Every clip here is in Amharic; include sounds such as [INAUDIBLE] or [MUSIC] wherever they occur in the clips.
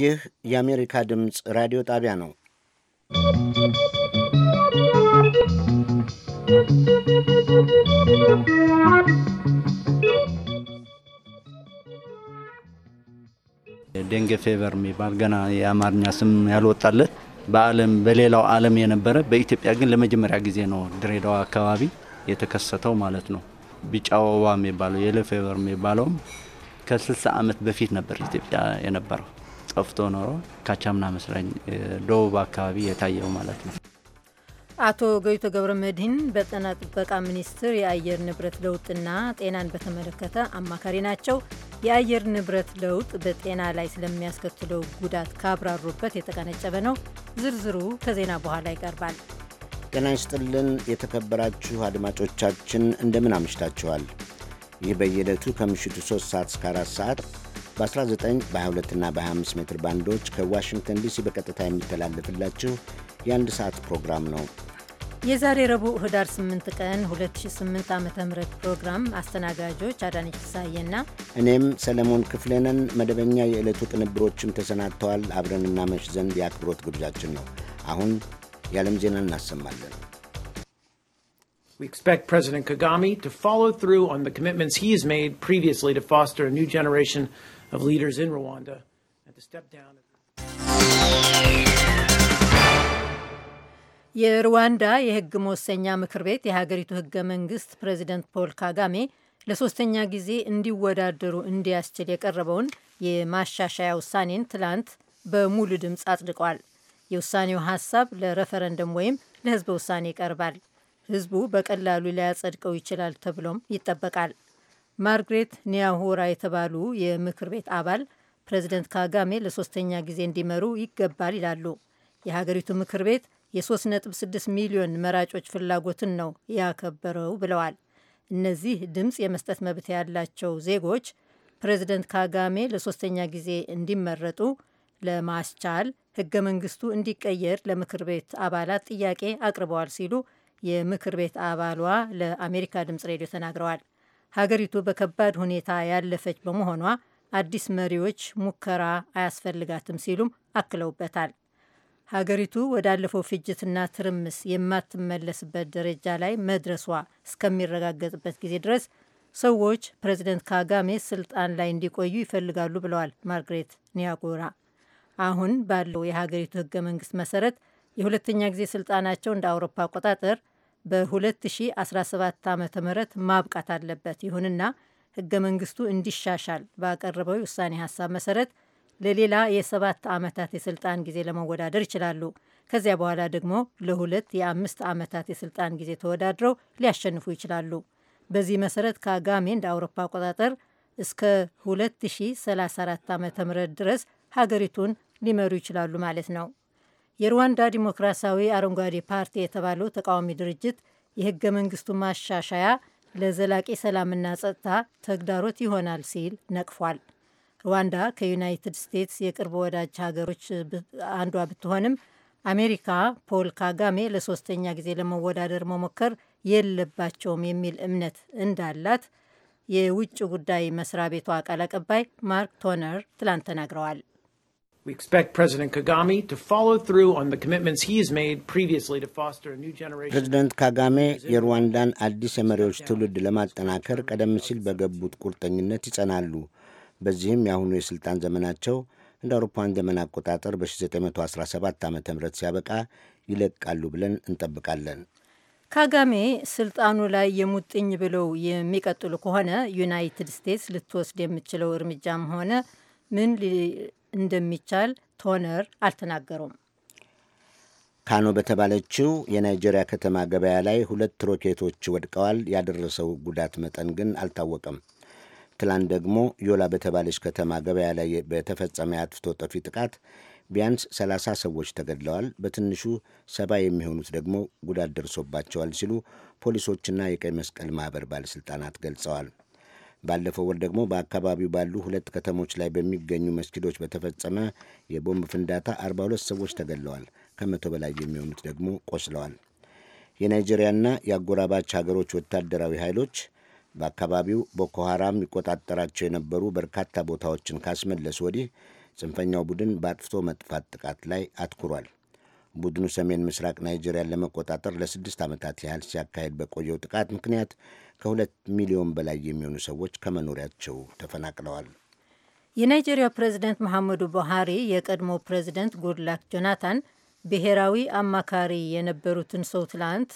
ይህ የአሜሪካ ድምፅ ራዲዮ ጣቢያ ነው። ደንገ ፌቨር የሚባል ገና የአማርኛ ስም ያልወጣለት በዓለም በሌላው ዓለም የነበረ በኢትዮጵያ ግን ለመጀመሪያ ጊዜ ነው ድሬዳዋ አካባቢ የተከሰተው ማለት ነው። ቢጫ ወባ የሚባለው የሌ ፌቨር የሚባለውም ከ60 ዓመት በፊት ነበር ኢትዮጵያ የነበረው። ጠፍቶ ኖሮ ካቻምና መስለኝ ደቡብ አካባቢ የታየው ማለት ነው። አቶ ገይቶ ገብረ መድህን በጤና ጥበቃ ሚኒስቴር የአየር ንብረት ለውጥና ጤናን በተመለከተ አማካሪ ናቸው። የአየር ንብረት ለውጥ በጤና ላይ ስለሚያስከትለው ጉዳት ካብራሩበት የተቀነጨበ ነው። ዝርዝሩ ከዜና በኋላ ይቀርባል። ጤና ይስጥልን የተከበራችሁ አድማጮቻችን እንደምን አምሽታችኋል? ይህ በየዕለቱ ከምሽቱ 3 ሰዓት እስከ 4 ሰዓት በ19 በ22ና በ25 ሜትር ባንዶች ከዋሽንግተን ዲሲ በቀጥታ የሚተላለፍላችሁ የአንድ ሰዓት ፕሮግራም ነው። የዛሬ ረቡዕ ህዳር 8 ቀን 2008 ዓ ም ፕሮግራም አስተናጋጆች አዳነች ፍሳዬና እኔም ሰለሞን ክፍሌነን። መደበኛ የዕለቱ ቅንብሮችም ተሰናድተዋል። አብረን እናመሽ ዘንድ የአክብሮት ግብዣችን ነው። አሁን የዓለም ዜና እናሰማለን። We expect President Kagame to follow through on the commitments he has made previously to foster a new generation of leaders in Rwanda and to step down. የሩዋንዳ የህግ መወሰኛ ምክር ቤት የሀገሪቱ ህገ መንግስት ፕሬዚደንት ፖል ካጋሜ ለሶስተኛ ጊዜ እንዲወዳደሩ እንዲያስችል የቀረበውን የማሻሻያ ውሳኔን ትላንት በሙሉ ድምፅ አጽድቋል። የውሳኔው ሀሳብ ለረፈረንደም ወይም ለህዝበ ውሳኔ ይቀርባል። ህዝቡ በቀላሉ ሊያጸድቀው ይችላል ተብሎም ይጠበቃል። ማርግሬት ኒያሆራ የተባሉ የምክር ቤት አባል ፕሬዚደንት ካጋሜ ለሶስተኛ ጊዜ እንዲመሩ ይገባል ይላሉ። የሀገሪቱ ምክር ቤት የ3.6 ሚሊዮን መራጮች ፍላጎትን ነው ያከበረው ብለዋል። እነዚህ ድምፅ የመስጠት መብት ያላቸው ዜጎች ፕሬዚደንት ካጋሜ ለሶስተኛ ጊዜ እንዲመረጡ ለማስቻል ህገ መንግስቱ እንዲቀየር ለምክር ቤት አባላት ጥያቄ አቅርበዋል ሲሉ የምክር ቤት አባሏ ለአሜሪካ ድምፅ ሬዲዮ ተናግረዋል። ሀገሪቱ በከባድ ሁኔታ ያለፈች በመሆኗ አዲስ መሪዎች ሙከራ አያስፈልጋትም ሲሉም አክለውበታል። ሀገሪቱ ወዳለፈው ፍጅትና ትርምስ የማትመለስበት ደረጃ ላይ መድረሷ እስከሚረጋገጥበት ጊዜ ድረስ ሰዎች ፕሬዚደንት ካጋሜ ስልጣን ላይ እንዲቆዩ ይፈልጋሉ ብለዋል ማርግሬት ኒያጎራ። አሁን ባለው የሀገሪቱ ህገ መንግስት መሰረት የሁለተኛ ጊዜ ስልጣናቸው እንደ አውሮፓ አቆጣጠር በ2017 ዓ ም ማብቃት አለበት። ይሁንና ህገ መንግስቱ እንዲሻሻል ባቀረበው ውሳኔ ሀሳብ መሰረት ለሌላ የሰባት ዓመታት የስልጣን ጊዜ ለመወዳደር ይችላሉ። ከዚያ በኋላ ደግሞ ለሁለት የአምስት ዓመታት የስልጣን ጊዜ ተወዳድረው ሊያሸንፉ ይችላሉ። በዚህ መሰረት ካጋሜ እንደ አውሮፓ አቆጣጠር እስከ 2034 ዓ ም ድረስ ሀገሪቱን ሊመሩ ይችላሉ ማለት ነው። የሩዋንዳ ዲሞክራሲያዊ አረንጓዴ ፓርቲ የተባለው ተቃዋሚ ድርጅት የህገ መንግስቱ ማሻሻያ ለዘላቂ ሰላምና ጸጥታ ተግዳሮት ይሆናል ሲል ነቅፏል። ሩዋንዳ ከዩናይትድ ስቴትስ የቅርብ ወዳጅ ሀገሮች አንዷ ብትሆንም አሜሪካ ፖል ካጋሜ ለሶስተኛ ጊዜ ለመወዳደር መሞከር የለባቸውም የሚል እምነት እንዳላት የውጭ ጉዳይ መስሪያ ቤቷ ቃል አቀባይ ማርክ ቶነር ትላንት ተናግረዋል። We expect President Kagame to follow through on the commitments he has made previously to foster a new generation. ፕሬዚደንት ካጋሜ የሩዋንዳን አዲስ የመሪዎች ትውልድ ለማጠናከር ቀደም ሲል በገቡት ቁርጠኝነት ይጸናሉ። በዚህም የአሁኑ የሥልጣን ዘመናቸው እንደ አውሮፓውያን ዘመን አቆጣጠር በ1917 ዓ ም ሲያበቃ ይለቃሉ ብለን እንጠብቃለን። ካጋሜ ስልጣኑ ላይ የሙጥኝ ብለው የሚቀጥሉ ከሆነ ዩናይትድ ስቴትስ ልትወስድ የምትችለው እርምጃም ሆነ ምን እንደሚቻል ቶነር አልተናገሩም። ካኖ በተባለችው የናይጄሪያ ከተማ ገበያ ላይ ሁለት ሮኬቶች ወድቀዋል። ያደረሰው ጉዳት መጠን ግን አልታወቀም። ትላንት ደግሞ ዮላ በተባለች ከተማ ገበያ ላይ በተፈጸመ አጥፍቶ ጠፊ ጥቃት ቢያንስ 30 ሰዎች ተገድለዋል፣ በትንሹ ሰባ የሚሆኑት ደግሞ ጉዳት ደርሶባቸዋል ሲሉ ፖሊሶችና የቀይ መስቀል ማኅበር ባለሥልጣናት ገልጸዋል። ባለፈው ወር ደግሞ በአካባቢው ባሉ ሁለት ከተሞች ላይ በሚገኙ መስጊዶች በተፈጸመ የቦምብ ፍንዳታ 42 ሰዎች ተገድለዋል። ከመቶ በላይ የሚሆኑት ደግሞ ቆስለዋል። የናይጄሪያና የአጎራባች ሀገሮች ወታደራዊ ኃይሎች በአካባቢው ቦኮ ሐራም ይቆጣጠራቸው የነበሩ በርካታ ቦታዎችን ካስመለሱ ወዲህ ጽንፈኛው ቡድን በአጥፍቶ መጥፋት ጥቃት ላይ አትኩሯል። ቡድኑ ሰሜን ምስራቅ ናይጄሪያን ለመቆጣጠር ለስድስት ዓመታት ያህል ሲያካሄድ በቆየው ጥቃት ምክንያት ከሁለት ሚሊዮን በላይ የሚሆኑ ሰዎች ከመኖሪያቸው ተፈናቅለዋል። የናይጄሪያው ፕሬዚደንት መሐመዱ ቡሃሪ የቀድሞ ፕሬዚደንት ጉድላክ ጆናታን ብሔራዊ አማካሪ የነበሩትን ሰው ትላንት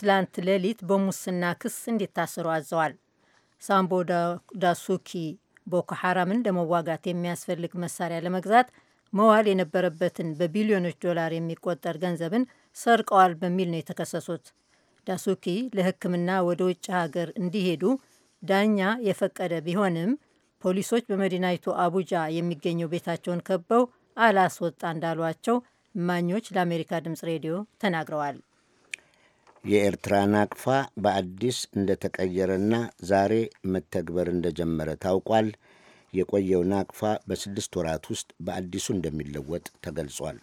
ትላንት ሌሊት በሙስና ክስ እንዲታሰሩ አዘዋል። ሳምቦ ዳሱኪ ቦኮ ሐራምን ለመዋጋት የሚያስፈልግ መሳሪያ ለመግዛት መዋል የነበረበትን በቢሊዮኖች ዶላር የሚቆጠር ገንዘብን ሰርቀዋል በሚል ነው የተከሰሱት። ዳሱኪ ለሕክምና ወደ ውጭ ሀገር እንዲሄዱ ዳኛ የፈቀደ ቢሆንም ፖሊሶች በመዲናይቱ አቡጃ የሚገኘው ቤታቸውን ከበው አላስወጣ እንዳሏቸው እማኞች ለአሜሪካ ድምፅ ሬዲዮ ተናግረዋል። የኤርትራ ናቅፋ በአዲስ እንደተቀየረና ዛሬ መተግበር እንደጀመረ ታውቋል። የቆየው ናቅፋ በስድስት ወራት ውስጥ በአዲሱ እንደሚለወጥ ተገልጿል።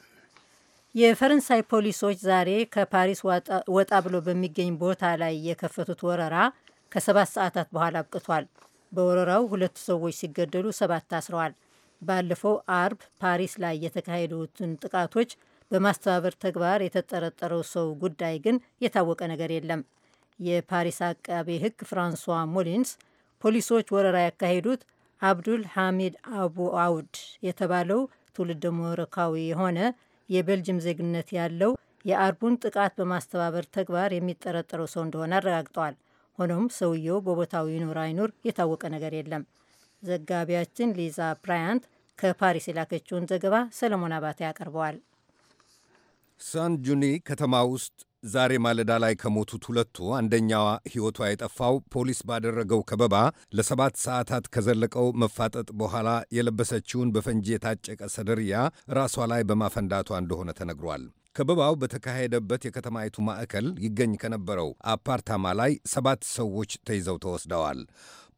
የፈረንሳይ ፖሊሶች ዛሬ ከፓሪስ ወጣ ብሎ በሚገኝ ቦታ ላይ የከፈቱት ወረራ ከሰባት ሰዓታት በኋላ አብቅቷል። በወረራው ሁለቱ ሰዎች ሲገደሉ ሰባት ታስረዋል። ባለፈው አርብ ፓሪስ ላይ የተካሄዱትን ጥቃቶች በማስተባበር ተግባር የተጠረጠረው ሰው ጉዳይ ግን የታወቀ ነገር የለም። የፓሪስ አቃቤ ሕግ ፍራንሷ ሞሊንስ ፖሊሶች ወረራ ያካሄዱት አብዱል ሐሚድ አቡ አውድ የተባለው ትውልድ ሞሮካዊ የሆነ የቤልጅየም ዜግነት ያለው የአርቡን ጥቃት በማስተባበር ተግባር የሚጠረጠረው ሰው እንደሆነ አረጋግጠዋል። ሆኖም ሰውየው በቦታው ይኑር አይኑር የታወቀ ነገር የለም። ዘጋቢያችን ሊዛ ብራያንት ከፓሪስ የላከችውን ዘገባ ሰለሞን አባቴ ያቀርበዋል። ሳን ጁኒ ከተማ ውስጥ ዛሬ ማለዳ ላይ ከሞቱት ሁለቱ አንደኛዋ ሕይወቷ የጠፋው ፖሊስ ባደረገው ከበባ ለሰባት ሰዓታት ከዘለቀው መፋጠጥ በኋላ የለበሰችውን በፈንጂ የታጨቀ ሰደርያ ራሷ ላይ በማፈንዳቷ እንደሆነ ተነግሯል። ከበባው በተካሄደበት የከተማይቱ ማዕከል ይገኝ ከነበረው አፓርታማ ላይ ሰባት ሰዎች ተይዘው ተወስደዋል።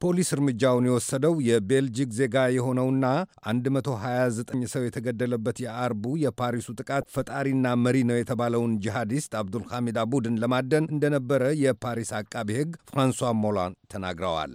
ፖሊስ እርምጃውን የወሰደው የቤልጂክ ዜጋ የሆነውና 129 ሰው የተገደለበት የአርቡ የፓሪሱ ጥቃት ፈጣሪና መሪ ነው የተባለውን ጂሃዲስት አብዱልሐሚድ አቡድን ለማደን እንደነበረ የፓሪስ አቃቢ ሕግ ፍራንሷ ሞላን ተናግረዋል።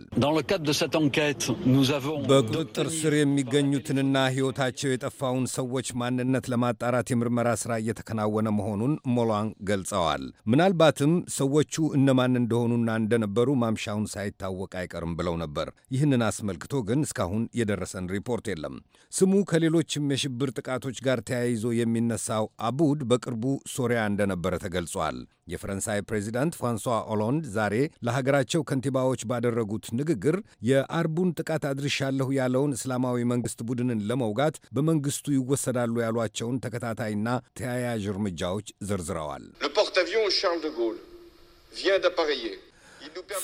በቁጥጥር ስር የሚገኙትንና ሕይወታቸው የጠፋውን ሰዎች ማንነት ለማጣራት የምርመራ ሥራ እየተከናወነ መሆኑን ሞላን ገልጸዋል። ምናልባትም ሰዎቹ እነማን እንደሆኑና እንደነበሩ ማምሻውን ሳይታወቅ አይቀርም ብለው ተናግረው ነበር። ይህንን አስመልክቶ ግን እስካሁን የደረሰን ሪፖርት የለም። ስሙ ከሌሎችም የሽብር ጥቃቶች ጋር ተያይዞ የሚነሳው አቡድ በቅርቡ ሶሪያ እንደነበረ ተገልጿል። የፈረንሳይ ፕሬዚዳንት ፍራንሷ ኦሎንድ ዛሬ ለሀገራቸው ከንቲባዎች ባደረጉት ንግግር የአርቡን ጥቃት አድርሻለሁ ያለውን እስላማዊ መንግስት ቡድንን ለመውጋት በመንግስቱ ይወሰዳሉ ያሏቸውን ተከታታይና ተያያዥ እርምጃዎች ዘርዝረዋል።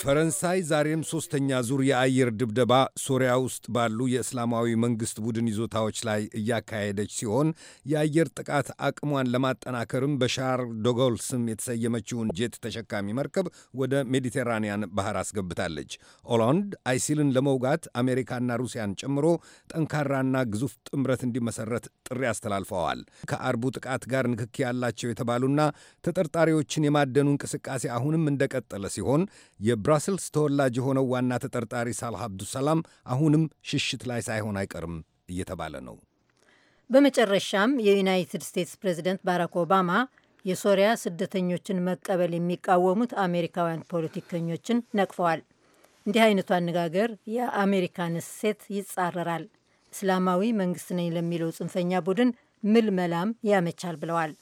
ፈረንሳይ ዛሬም ሦስተኛ ዙር የአየር ድብደባ ሶሪያ ውስጥ ባሉ የእስላማዊ መንግሥት ቡድን ይዞታዎች ላይ እያካሄደች ሲሆን የአየር ጥቃት አቅሟን ለማጠናከርም በሻር ዶጎል ስም የተሰየመችውን ጄት ተሸካሚ መርከብ ወደ ሜዲቴራንያን ባህር አስገብታለች። ኦላንድ አይሲልን ለመውጋት አሜሪካና ሩሲያን ጨምሮ ጠንካራና ግዙፍ ጥምረት እንዲመሠረት ጥሪ አስተላልፈዋል። ከአርቡ ጥቃት ጋር ንክኪ ያላቸው የተባሉና ተጠርጣሪዎችን የማደኑ እንቅስቃሴ አሁንም እንደቀጠለ ሲሆን የብራስልስ ተወላጅ የሆነው ዋና ተጠርጣሪ ሳልህ አብዱሰላም አሁንም ሽሽት ላይ ሳይሆን አይቀርም እየተባለ ነው። በመጨረሻም የዩናይትድ ስቴትስ ፕሬዚደንት ባራክ ኦባማ የሶሪያ ስደተኞችን መቀበል የሚቃወሙት አሜሪካውያን ፖለቲከኞችን ነቅፈዋል። እንዲህ አይነቱ አነጋገር የአሜሪካን እሴት ይጻረራል፣ እስላማዊ መንግስት ነኝ ለሚለው ጽንፈኛ ቡድን ምልመላም ያመቻል ብለዋል።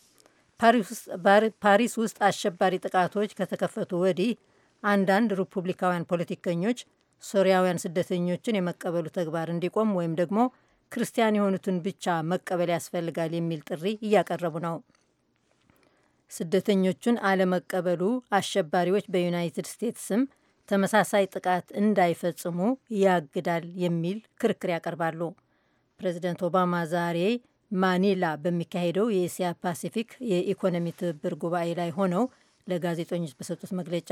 ፓሪስ ውስጥ አሸባሪ ጥቃቶች ከተከፈቱ ወዲህ አንዳንድ ሪፑብሊካውያን ፖለቲከኞች ሶሪያውያን ስደተኞችን የመቀበሉ ተግባር እንዲቆም ወይም ደግሞ ክርስቲያን የሆኑትን ብቻ መቀበል ያስፈልጋል የሚል ጥሪ እያቀረቡ ነው። ስደተኞቹን አለመቀበሉ አሸባሪዎች በዩናይትድ ስቴትስ ስም ተመሳሳይ ጥቃት እንዳይፈጽሙ ያግዳል የሚል ክርክር ያቀርባሉ። ፕሬዚደንት ኦባማ ዛሬ ማኒላ በሚካሄደው የእስያ ፓሲፊክ የኢኮኖሚ ትብብር ጉባኤ ላይ ሆነው ለጋዜጠኞች በሰጡት መግለጫ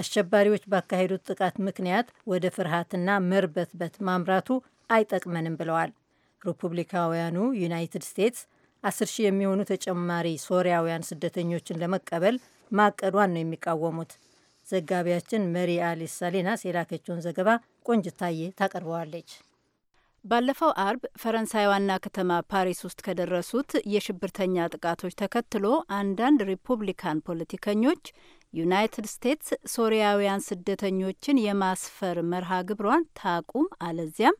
አሸባሪዎች ባካሄዱት ጥቃት ምክንያት ወደ ፍርሃትና መርበትበት ማምራቱ አይጠቅመንም ብለዋል። ሪፑብሊካውያኑ ዩናይትድ ስቴትስ አስር ሺህ የሚሆኑ ተጨማሪ ሶሪያውያን ስደተኞችን ለመቀበል ማቀዷን ነው የሚቃወሙት። ዘጋቢያችን መሪ አሊስ ሳሌናስ የላከችውን ዘገባ ቆንጅታዬ ታቀርበዋለች። ባለፈው አርብ ፈረንሳይ ዋና ከተማ ፓሪስ ውስጥ ከደረሱት የሽብርተኛ ጥቃቶች ተከትሎ አንዳንድ ሪፑብሊካን ፖለቲከኞች ዩናይትድ ስቴትስ ሶሪያውያን ስደተኞችን የማስፈር መርሃ ግብሯን ታቁም፣ አለዚያም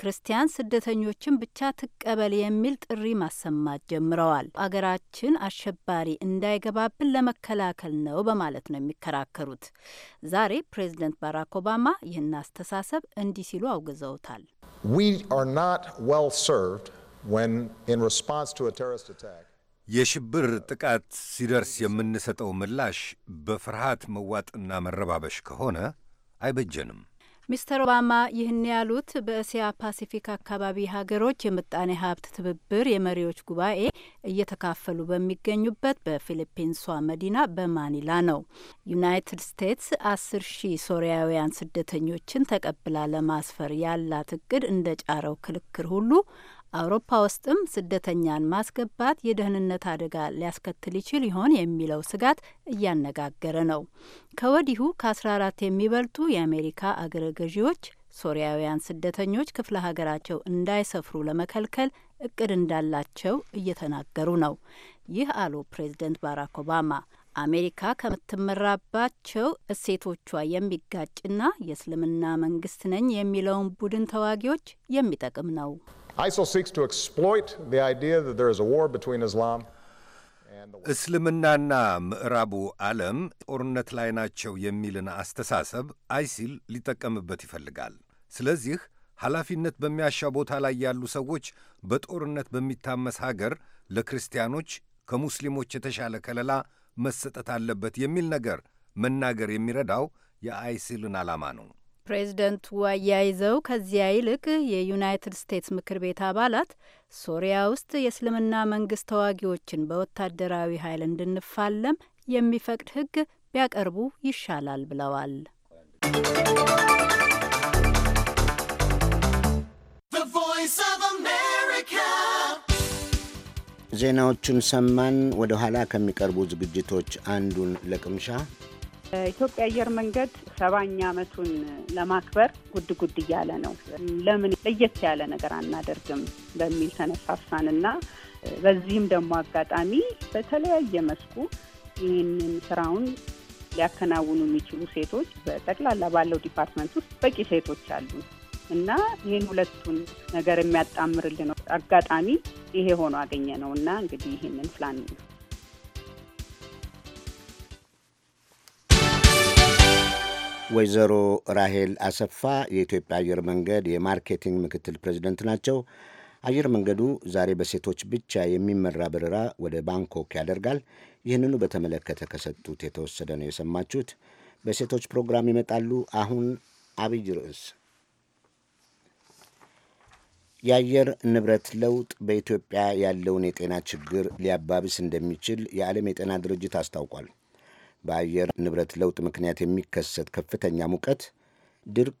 ክርስቲያን ስደተኞችን ብቻ ትቀበል የሚል ጥሪ ማሰማት ጀምረዋል። አገራችን አሸባሪ እንዳይገባብን ለመከላከል ነው በማለት ነው የሚከራከሩት። ዛሬ ፕሬዚደንት ባራክ ኦባማ ይህን አስተሳሰብ እንዲህ ሲሉ አውግዘውታል። የሽብር ጥቃት ሲደርስ የምንሰጠው ምላሽ በፍርሃት መዋጥና መረባበሽ ከሆነ አይበጀንም። ሚስተር ኦባማ ይህን ያሉት በእስያ ፓሲፊክ አካባቢ ሀገሮች የምጣኔ ሀብት ትብብር የመሪዎች ጉባኤ እየተካፈሉ በሚገኙበት በፊሊፒንሷ መዲና በማኒላ ነው። ዩናይትድ ስቴትስ አስር ሺህ ሶሪያውያን ስደተኞችን ተቀብላ ለማስፈር ያላት እቅድ እንደ ጫረው ክርክር ሁሉ አውሮፓ ውስጥም ስደተኛን ማስገባት የደህንነት አደጋ ሊያስከትል ይችል ይሆን የሚለው ስጋት እያነጋገረ ነው። ከወዲሁ ከ14 የሚበልጡ የአሜሪካ አገረ ገዢዎች ሶሪያውያን ስደተኞች ክፍለ ሀገራቸው እንዳይሰፍሩ ለመከልከል እቅድ እንዳላቸው እየተናገሩ ነው። ይህ አሉ ፕሬዝደንት ባራክ ኦባማ አሜሪካ ከምትመራባቸው እሴቶቿ የሚጋጭና የእስልምና መንግስት ነኝ የሚለውን ቡድን ተዋጊዎች የሚጠቅም ነው። ISIL seeks to exploit the idea that there is a war between Islam እስልምናና ምዕራቡ ዓለም ጦርነት ላይ ናቸው የሚልን አስተሳሰብ አይሲል ሊጠቀምበት ይፈልጋል። ስለዚህ ኃላፊነት በሚያሻ ቦታ ላይ ያሉ ሰዎች በጦርነት በሚታመስ ሀገር ለክርስቲያኖች ከሙስሊሞች የተሻለ ከለላ መሰጠት አለበት የሚል ነገር መናገር የሚረዳው የአይሲልን ዓላማ ነው። ፕሬዚደንቱ አያይዘው ከዚያ ይልቅ የዩናይትድ ስቴትስ ምክር ቤት አባላት ሶሪያ ውስጥ የእስልምና መንግስት ተዋጊዎችን በወታደራዊ ኃይል እንድንፋለም የሚፈቅድ ሕግ ቢያቀርቡ ይሻላል ብለዋል። ዜናዎቹን ሰማን። ወደ ኋላ ከሚቀርቡ ዝግጅቶች አንዱን ለቅምሻ ኢትዮጵያ አየር መንገድ ሰባኛ ዓመቱን ለማክበር ጉድ ጉድ እያለ ነው። ለምን ለየት ያለ ነገር አናደርግም በሚል ተነሳሳን እና በዚህም ደግሞ አጋጣሚ በተለያየ መስኩ ይህንን ስራውን ሊያከናውኑ የሚችሉ ሴቶች በጠቅላላ ባለው ዲፓርትመንት ውስጥ በቂ ሴቶች አሉ እና ይህን ሁለቱን ነገር የሚያጣምርልን አጋጣሚ ይሄ ሆኖ አገኘ ነው እና እንግዲህ ይህንን ፕላን ወይዘሮ ራሄል አሰፋ የኢትዮጵያ አየር መንገድ የማርኬቲንግ ምክትል ፕሬዚደንት ናቸው። አየር መንገዱ ዛሬ በሴቶች ብቻ የሚመራ በረራ ወደ ባንኮክ ያደርጋል። ይህንኑ በተመለከተ ከሰጡት የተወሰደ ነው የሰማችሁት። በሴቶች ፕሮግራም ይመጣሉ። አሁን አብይ ርዕስ የአየር ንብረት ለውጥ በኢትዮጵያ ያለውን የጤና ችግር ሊያባብስ እንደሚችል የዓለም የጤና ድርጅት አስታውቋል። በአየር ንብረት ለውጥ ምክንያት የሚከሰት ከፍተኛ ሙቀት፣ ድርቅ፣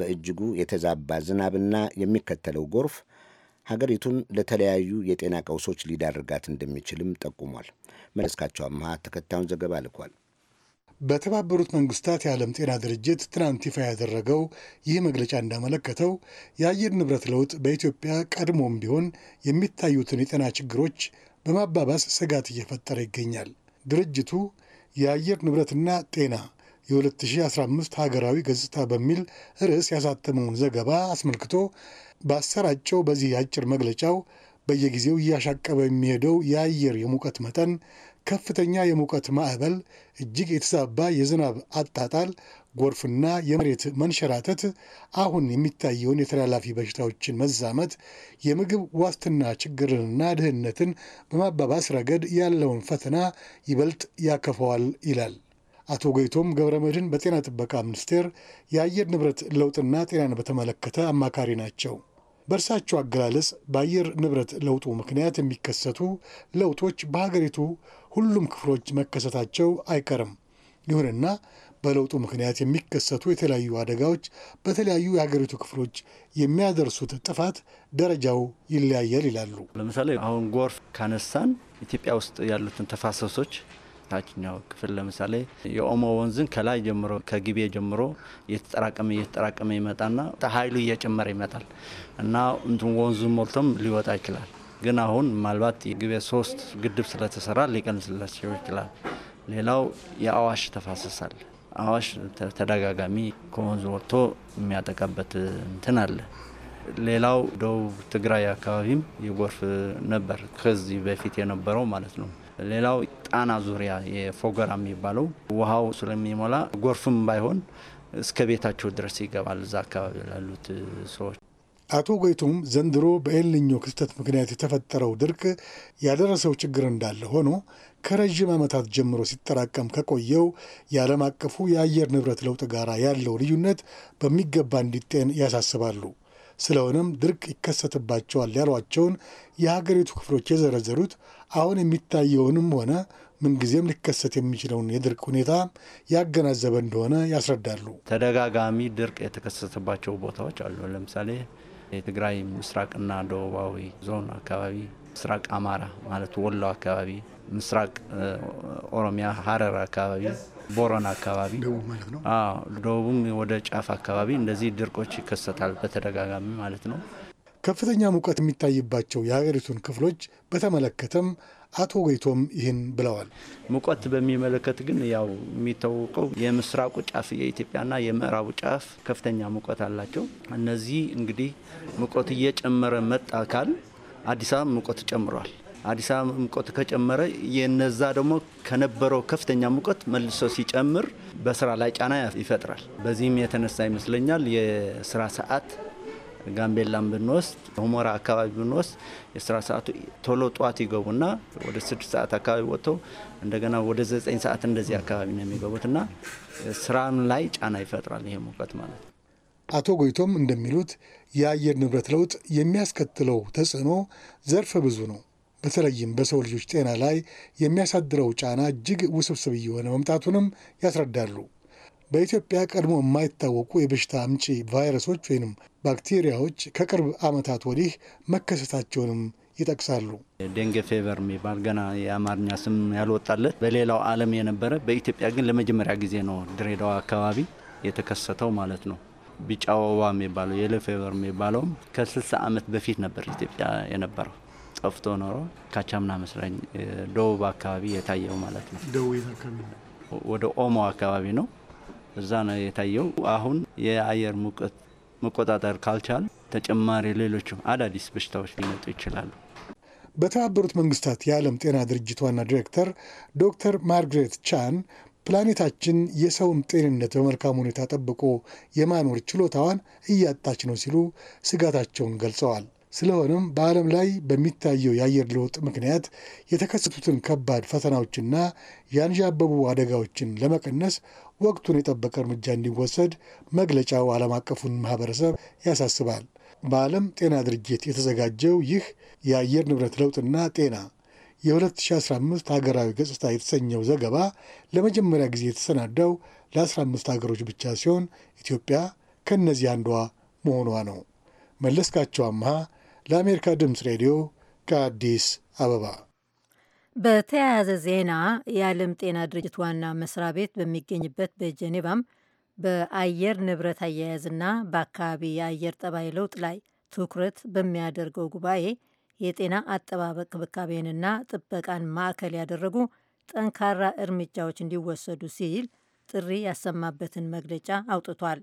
በእጅጉ የተዛባ ዝናብና የሚከተለው ጎርፍ ሀገሪቱን ለተለያዩ የጤና ቀውሶች ሊዳርጋት እንደሚችልም ጠቁሟል። መለስካቸው አምሃ ተከታዩን ዘገባ ልኳል። በተባበሩት መንግስታት የዓለም ጤና ድርጅት ትናንት ይፋ ያደረገው ይህ መግለጫ እንዳመለከተው የአየር ንብረት ለውጥ በኢትዮጵያ ቀድሞም ቢሆን የሚታዩትን የጤና ችግሮች በማባባስ ስጋት እየፈጠረ ይገኛል። ድርጅቱ የአየር ንብረትና ጤና የ2015 ሀገራዊ ገጽታ በሚል ርዕስ ያሳተመውን ዘገባ አስመልክቶ ባሰራጨው በዚህ አጭር መግለጫው በየጊዜው እያሻቀበ የሚሄደው የአየር የሙቀት መጠን፣ ከፍተኛ የሙቀት ማዕበል፣ እጅግ የተዛባ የዝናብ አጣጣል ጎርፍና የመሬት መንሸራተት አሁን የሚታየውን የተላላፊ በሽታዎችን መዛመት፣ የምግብ ዋስትና ችግርንና ድህነትን በማባባስ ረገድ ያለውን ፈተና ይበልጥ ያከፈዋል ይላል። አቶ ጎይቶም ገብረ መድህን በጤና ጥበቃ ሚኒስቴር የአየር ንብረት ለውጥና ጤናን በተመለከተ አማካሪ ናቸው። በእርሳቸው አገላለጽ በአየር ንብረት ለውጡ ምክንያት የሚከሰቱ ለውጦች በሀገሪቱ ሁሉም ክፍሎች መከሰታቸው አይቀርም። ይሁንና በለውጡ ምክንያት የሚከሰቱ የተለያዩ አደጋዎች በተለያዩ የሀገሪቱ ክፍሎች የሚያደርሱት ጥፋት ደረጃው ይለያያል ይላሉ። ለምሳሌ አሁን ጎርፍ ካነሳን ኢትዮጵያ ውስጥ ያሉትን ተፋሰሶች ታችኛው ክፍል ለምሳሌ የኦሞ ወንዝን ከላይ ጀምሮ ከግቤ ጀምሮ እየተጠራቀመ እየተጠራቀመ ይመጣና ኃይሉ እየጨመረ ይመጣል እና ወንዙን ሞልቶም ሊወጣ ይችላል። ግን አሁን ምናልባት የግቤ ሶስት ግድብ ስለተሰራ ሊቀንስላቸው ይችላል። ሌላው የአዋሽ ተፋሰሳል አዋሽ ተደጋጋሚ ከወንዝ ወጥቶ የሚያጠቃበት እንትን አለ። ሌላው ደቡብ ትግራይ አካባቢም የጎርፍ ነበር ከዚህ በፊት የነበረው ማለት ነው። ሌላው ጣና ዙሪያ የፎገራ የሚባለው ውሃው ስለሚሞላ ጎርፍም ባይሆን እስከ ቤታቸው ድረስ ይገባል እዛ አካባቢ ላሉት ሰዎች። አቶ ጎይቱም ዘንድሮ በኤልኒኞ ክስተት ምክንያት የተፈጠረው ድርቅ ያደረሰው ችግር እንዳለ ሆኖ ከረዥም ዓመታት ጀምሮ ሲጠራቀም ከቆየው የዓለም አቀፉ የአየር ንብረት ለውጥ ጋር ያለው ልዩነት በሚገባ እንዲጤን ያሳስባሉ። ስለሆነም ድርቅ ይከሰትባቸዋል ያሏቸውን የሀገሪቱ ክፍሎች የዘረዘሩት አሁን የሚታየውንም ሆነ ምንጊዜም ሊከሰት የሚችለውን የድርቅ ሁኔታ ያገናዘበ እንደሆነ ያስረዳሉ። ተደጋጋሚ ድርቅ የተከሰተባቸው ቦታዎች አሉ። ለምሳሌ የትግራይ ምስራቅና ደቡባዊ ዞን አካባቢ፣ ምስራቅ አማራ ማለት ወሎ አካባቢ፣ ምስራቅ ኦሮሚያ ሀረር አካባቢ፣ ቦረና አካባቢ፣ ደቡብም ወደ ጫፍ አካባቢ እንደዚህ ድርቆች ይከሰታል በተደጋጋሚ ማለት ነው። ከፍተኛ ሙቀት የሚታይባቸው የሀገሪቱን ክፍሎች በተመለከተም አቶ ጎይቶም ይህን ብለዋል። ሙቀት በሚመለከት ግን ያው የሚታወቀው የምስራቁ ጫፍ የኢትዮጵያና የምዕራቡ ጫፍ ከፍተኛ ሙቀት አላቸው። እነዚህ እንግዲህ ሙቀት እየጨመረ መጣ አካል አዲስ አበባ ሙቀት ጨምሯል። አዲስ አበባ ሙቀት ከጨመረ የነዛ ደግሞ ከነበረው ከፍተኛ ሙቀት መልሶ ሲጨምር በስራ ላይ ጫና ይፈጥራል። በዚህም የተነሳ ይመስለኛል የስራ ሰዓት ጋምቤላን ብንወስድ ሁመራ አካባቢ ብንወስድ የስራ ሰዓቱ ቶሎ ጠዋት ይገቡና ወደ ስድስት ሰዓት አካባቢ ወጥተው እንደገና ወደ ዘጠኝ ሰዓት እንደዚህ አካባቢ ነው የሚገቡትና ስራን ላይ ጫና ይፈጥራል ይሄ ሙቀት ማለት ነው። አቶ ጎይቶም እንደሚሉት የአየር ንብረት ለውጥ የሚያስከትለው ተጽዕኖ ዘርፈ ብዙ ነው። በተለይም በሰው ልጆች ጤና ላይ የሚያሳድረው ጫና እጅግ ውስብስብ እየሆነ መምጣቱንም ያስረዳሉ። በኢትዮጵያ ቀድሞ የማይታወቁ የበሽታ አምጪ ቫይረሶች ወይም ባክቴሪያዎች ከቅርብ ዓመታት ወዲህ መከሰታቸውንም ይጠቅሳሉ። ደንገ ፌቨር የሚባል ገና የአማርኛ ስም ያልወጣለት በሌላው ዓለም የነበረ በኢትዮጵያ ግን ለመጀመሪያ ጊዜ ነው ድሬዳዋ አካባቢ የተከሰተው ማለት ነው። ቢጫ ወባ የሚባለው የለ ፌቨር የሚባለውም ከ60 ዓመት በፊት ነበር ኢትዮጵያ የነበረው ጠፍቶ ኖሮ ካቻምና መስለኝ ደቡብ አካባቢ የታየው ማለት ነው። ወደ ኦሞ አካባቢ ነው እዛ ነው የታየው። አሁን የአየር ሙቀት መቆጣጠር ካልቻል ተጨማሪ ሌሎቹ አዳዲስ በሽታዎች ሊመጡ ይችላሉ። በተባበሩት መንግስታት የዓለም ጤና ድርጅት ዋና ዲሬክተር ዶክተር ማርግሬት ቻን ፕላኔታችን የሰውን ጤንነት በመልካም ሁኔታ ጠብቆ የማኖር ችሎታዋን እያጣች ነው ሲሉ ስጋታቸውን ገልጸዋል። ስለሆነም በዓለም ላይ በሚታየው የአየር ለውጥ ምክንያት የተከሰቱትን ከባድ ፈተናዎችና ያንዣበቡ አደጋዎችን ለመቀነስ ወቅቱን የጠበቀ እርምጃ እንዲወሰድ መግለጫው ዓለም አቀፉን ማህበረሰብ ያሳስባል። በዓለም ጤና ድርጅት የተዘጋጀው ይህ የአየር ንብረት ለውጥና ጤና የ2015 ሀገራዊ ገጽታ የተሰኘው ዘገባ ለመጀመሪያ ጊዜ የተሰናዳው ለ15 ሀገሮች ብቻ ሲሆን ኢትዮጵያ ከእነዚህ አንዷ መሆኗ ነው። መለስካቸው አምሃ ለአሜሪካ ድምፅ ሬዲዮ ከአዲስ አበባ በተያያዘ ዜና የዓለም ጤና ድርጅት ዋና መስሪያ ቤት በሚገኝበት በጀኔቫም በአየር ንብረት አያያዝና በአካባቢ የአየር ጠባይ ለውጥ ላይ ትኩረት በሚያደርገው ጉባኤ የጤና አጠባበቅ ክብካቤንና ጥበቃን ማዕከል ያደረጉ ጠንካራ እርምጃዎች እንዲወሰዱ ሲል ጥሪ ያሰማበትን መግለጫ አውጥቷል።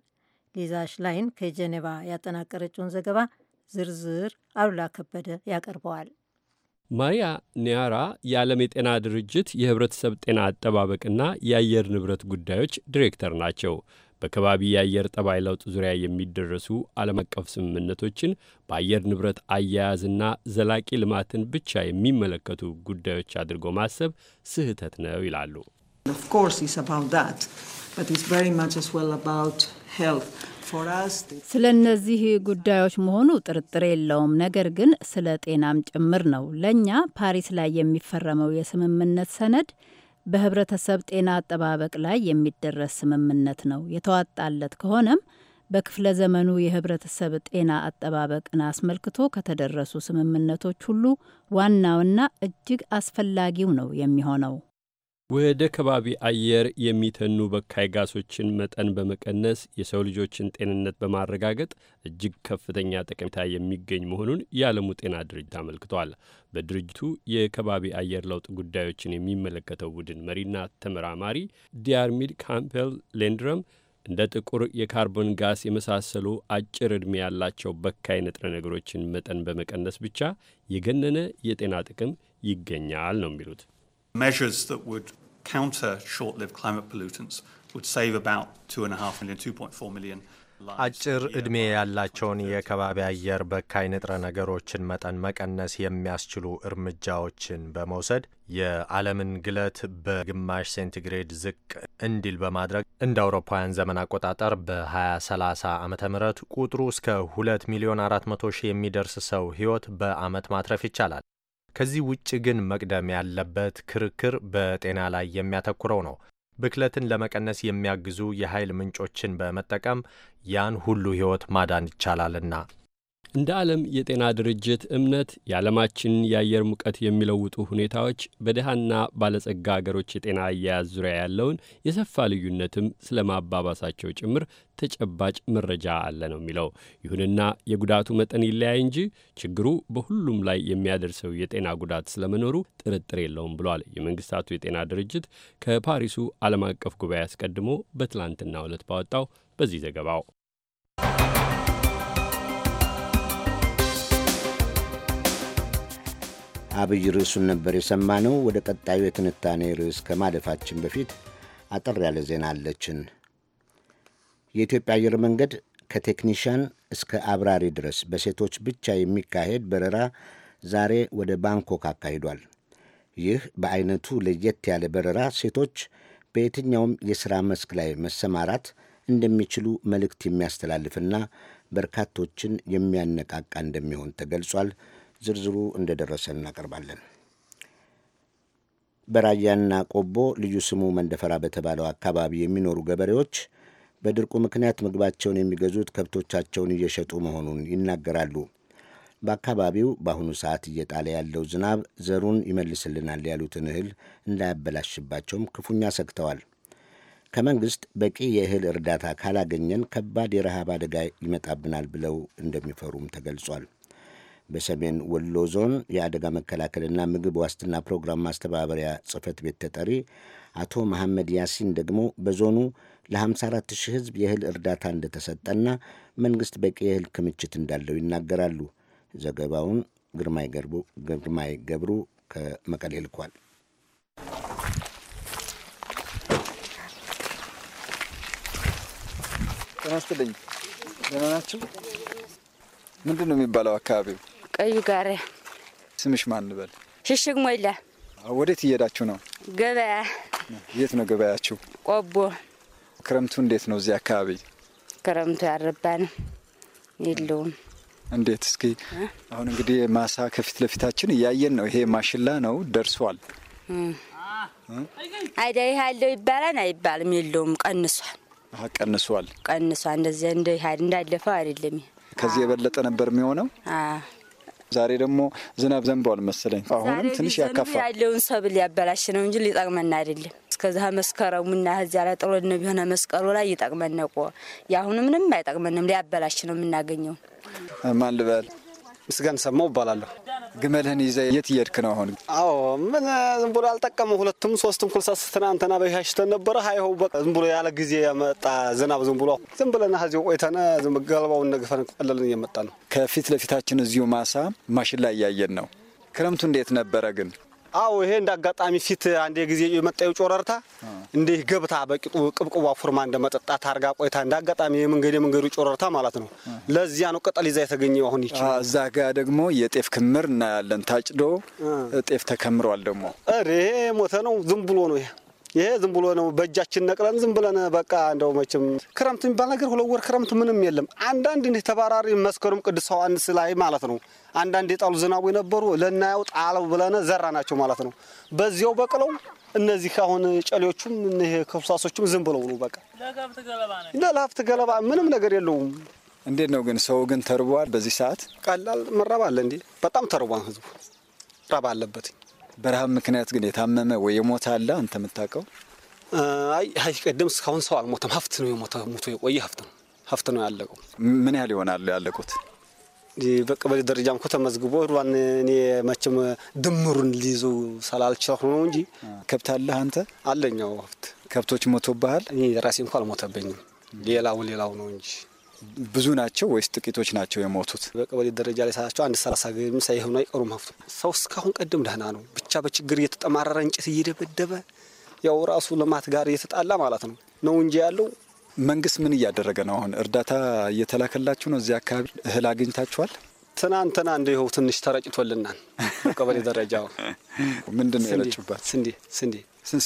ሊዛ ሽላይን ከጀኔቫ ያጠናቀረችውን ዘገባ ዝርዝር አሉላ ከበደ ያቀርበዋል። ማሪያ ኒያራ የዓለም የጤና ድርጅት የህብረተሰብ ጤና አጠባበቅና የአየር ንብረት ጉዳዮች ዲሬክተር ናቸው። በከባቢ የአየር ጠባይ ለውጥ ዙሪያ የሚደረሱ ዓለም አቀፍ ስምምነቶችን በአየር ንብረት አያያዝና ዘላቂ ልማትን ብቻ የሚመለከቱ ጉዳዮች አድርጎ ማሰብ ስህተት ነው ይላሉ። ስለ እነዚህ ጉዳዮች መሆኑ ጥርጥር የለውም። ነገር ግን ስለ ጤናም ጭምር ነው። ለእኛ ፓሪስ ላይ የሚፈረመው የስምምነት ሰነድ በህብረተሰብ ጤና አጠባበቅ ላይ የሚደረስ ስምምነት ነው። የተዋጣለት ከሆነም በክፍለ ዘመኑ የህብረተሰብ ጤና አጠባበቅን አስመልክቶ ከተደረሱ ስምምነቶች ሁሉ ዋናውና እጅግ አስፈላጊው ነው የሚሆነው። ወደ ከባቢ አየር የሚተኑ በካይ ጋሶችን መጠን በመቀነስ የሰው ልጆችን ጤንነት በማረጋገጥ እጅግ ከፍተኛ ጠቀሜታ የሚገኝ መሆኑን የዓለሙ ጤና ድርጅት አመልክቷል። በድርጅቱ የከባቢ አየር ለውጥ ጉዳዮችን የሚመለከተው ቡድን መሪና ተመራማሪ ዲያርሚድ ካምፔል ሌንድረም እንደ ጥቁር የካርቦን ጋስ የመሳሰሉ አጭር ዕድሜ ያላቸው በካይ ንጥረ ነገሮችን መጠን በመቀነስ ብቻ የገነነ የጤና ጥቅም ይገኛል ነው የሚሉት measures that would counter short-lived climate pollutants would save about 2.5 million, 2.4 million አጭር ዕድሜ ያላቸውን የከባቢ አየር በካይ ንጥረ ነገሮችን መጠን መቀነስ የሚያስችሉ እርምጃዎችን በመውሰድ የዓለምን ግለት በግማሽ ሴንቲግሬድ ዝቅ እንዲል በማድረግ እንደ አውሮፓውያን ዘመን አቆጣጠር በ2030 ዓ ም ቁጥሩ እስከ 2 ሚሊዮን 400 ሺህ የሚደርስ ሰው ሕይወት በዓመት ማትረፍ ይቻላል። ከዚህ ውጭ ግን መቅደም ያለበት ክርክር በጤና ላይ የሚያተኩረው ነው። ብክለትን ለመቀነስ የሚያግዙ የኃይል ምንጮችን በመጠቀም ያን ሁሉ ሕይወት ማዳን ይቻላልና። እንደ ዓለም የጤና ድርጅት እምነት የዓለማችን የአየር ሙቀት የሚለውጡ ሁኔታዎች በድሃና ባለጸጋ አገሮች የጤና አያያዝ ዙሪያ ያለውን የሰፋ ልዩነትም ስለ ማባባሳቸው ጭምር ተጨባጭ መረጃ አለ ነው የሚለው። ይሁንና የጉዳቱ መጠን ይለያይ እንጂ ችግሩ በሁሉም ላይ የሚያደርሰው የጤና ጉዳት ስለመኖሩ ጥርጥር የለውም ብሏል። የመንግስታቱ የጤና ድርጅት ከፓሪሱ ዓለም አቀፍ ጉባኤ አስቀድሞ በትላንትና ዕለት ባወጣው በዚህ ዘገባው አብይ ርዕሱን ነበር የሰማነው። ወደ ቀጣዩ የትንታኔ ርዕስ ከማለፋችን በፊት አጠር ያለ ዜና አለችን። የኢትዮጵያ አየር መንገድ ከቴክኒሽያን እስከ አብራሪ ድረስ በሴቶች ብቻ የሚካሄድ በረራ ዛሬ ወደ ባንኮክ አካሂዷል። ይህ በአይነቱ ለየት ያለ በረራ ሴቶች በየትኛውም የሥራ መስክ ላይ መሰማራት እንደሚችሉ መልእክት የሚያስተላልፍና በርካቶችን የሚያነቃቃ እንደሚሆን ተገልጿል። ዝርዝሩ እንደደረሰን እናቀርባለን። በራያና ቆቦ ልዩ ስሙ መንደፈራ በተባለው አካባቢ የሚኖሩ ገበሬዎች በድርቁ ምክንያት ምግባቸውን የሚገዙት ከብቶቻቸውን እየሸጡ መሆኑን ይናገራሉ። በአካባቢው በአሁኑ ሰዓት እየጣለ ያለው ዝናብ ዘሩን ይመልስልናል ያሉትን እህል እንዳያበላሽባቸውም ክፉኛ ሰግተዋል። ከመንግሥት በቂ የእህል እርዳታ ካላገኘን ከባድ የረሃብ አደጋ ይመጣብናል ብለው እንደሚፈሩም ተገልጿል። በሰሜን ወሎ ዞን የአደጋ መከላከልና ምግብ ዋስትና ፕሮግራም ማስተባበሪያ ጽህፈት ቤት ተጠሪ አቶ መሐመድ ያሲን ደግሞ በዞኑ ለ54 ሺህ ሕዝብ የእህል እርዳታ እንደተሰጠና መንግሥት በቂ የእህል ክምችት እንዳለው ይናገራሉ። ዘገባውን ግርማይ ገብሩ ከመቀሌ ልኳል። ጤና ይስጥልኝ። ደህና ናችሁ? ምንድን ነው የሚባለው አካባቢው? ቀዩ ጋር ስምሽ ማን ልበል? ሽሽግ ሞላ። ወዴት እየሄዳችሁ ነው? ገበያ። የት ነው ገበያችሁ? ቆቦ። ክረምቱ እንዴት ነው እዚህ አካባቢ? ክረምቱ ያረባን? የለውም። እንዴት እስኪ አሁን እንግዲህ ማሳ ከፊት ለፊታችን እያየን ነው። ይሄ ማሽላ ነው ደርሷል። አይዳ ይህ አለው ይባላል አይባልም? የለውም። ቀንሷል። ቀንሷል፣ ቀንሷል። እንደዚህ እንዳለፈው አይደለም። ከዚህ የበለጠ ነበር የሚሆነው ዛሬ ደግሞ ዝናብ ዘንበዋል መሰለኝ። አሁንም ትንሽ ያካፋ ያለውን ሰብል ያበላሽ ነው እንጂ ሊጠቅመና አይደለም። እስከዛ መስከረሙና እዚያ ላይ ጥሎን ቢሆነ መስቀሉ ላይ ይጠቅመን ነቆ። የአሁኑ ምንም አይጠቅመንም፣ ሊያበላሽ ነው የምናገኘው። ማን ልበል ምስጋን ሰማው እባላለሁ። ግመልህን ይዘ የት እየድክ ነው አሁን? አዎ ምን ዝም ብሎ ያልጠቀመው ሁለትም ሶስትም ኩልሳስ ትናንትና በሻሽተን ነበረ። ሀይሆ በቃ ዝም ብሎ ያለ ጊዜ የመጣ ዝናብ ዝም ብሎ ዝም ብለና እዚሁ ቆይተን ገለባውን ነግፈን ቀለልን እየመጣ ነው። ከፊት ለፊታችን እዚሁ ማሳ ማሽን ላይ እያየን ነው። ክረምቱ እንዴት ነበረ ግን? አዎ ይሄ እንደ አጋጣሚ ፊት አንዴ ጊዜ የመጣው ጮረርታ እንዲህ ገብታ በቂጡ ቅብቅቧ ፉርማ እንደ መጠጣት አርጋ ቆይታ እንደ አጋጣሚ የመንገድ የመንገዱ ጮረርታ ማለት ነው። ለዚያ ነው ቅጠል ይዛ የተገኘው። አሁን ይቺ እዛ ጋ ደግሞ የጤፍ ክምር እናያለን። ታጭዶ ጤፍ ተከምሯል። ደግሞ እሬ ሞተ ነው ዝም ብሎ ነው ይሄ ይሄ ዝም ብሎ ነው በእጃችን ነቅለን ዝም ብለን በቃ እንደው መቼም ክረምት የሚባል ነገር ሁለት ወር ክረምት ምንም የለም። አንዳንድ እንዲህ ተባራሪ መስከረም ቅዱስ ዮሐንስ ላይ ማለት ነው አንዳንድ የጣሉ ዝናቡ የነበሩ ለናየው ጣለው ብለን ዘራ ናቸው ማለት ነው። በዚያው በቅለው እነዚህ አሁን ጨሌዎቹም እነዚህ ከብሳሶቹም ዝም ብለው ነው በቃ ለሀብት ገለባ ምንም ነገር የለውም። እንዴት ነው ግን ሰው ግን ተርቧል። በዚህ ሰዓት ቀላል መራብ አለ እንዴ? በጣም ተርቧል ህዝቡ፣ ረብ አለበት። በረሃብ ምክንያት ግን የታመመ ወይ የሞተ አለ አንተ የምታውቀው? አይ ቀደም እስካሁን ሰው አልሞተም። ሀብት ነው የሞተ ሞቶ የቆየ ሀብት ነው ሀብት ነው ያለቀው። ምን ያህል ይሆናሉ ያለቁት? በቀበሌ ደረጃም እኮ ተመዝግቦ ሯን እኔ መቼም ድምሩን ሊይዙ ስላልቻልኩ ነው እንጂ ከብት አለህ አንተ? አለኛው ሀብት ከብቶች ሞቶብሃል? ራሴ እንኳ አልሞተብኝም። ሌላው ሌላው ነው እንጂ ብዙ ናቸው ወይስ ጥቂቶች ናቸው የሞቱት? በቀበሌ ደረጃ ላይ ሳያቸው አንድ ሰላሳ ገቢ ሳይሆኑ አይቀሩም። ሀብቱ ሰው እስካሁን ቀደም ደህና ነው፣ ብቻ በችግር እየተጠማረረ እንጨት እየደበደበ ያው ራሱ ልማት ጋር እየተጣላ ማለት ነው ነው እንጂ ያለው መንግስት ምን እያደረገ ነው? አሁን እርዳታ እየተላከላችሁ ነው? እዚህ አካባቢ እህል አግኝታችኋል? ትናንትና እንዲሁ ትንሽ ተረጭቶልናል። ቀበሌ ደረጃ [LAUGHS] ምንድን ነው የረጭባት? ስንዴ ስንዴ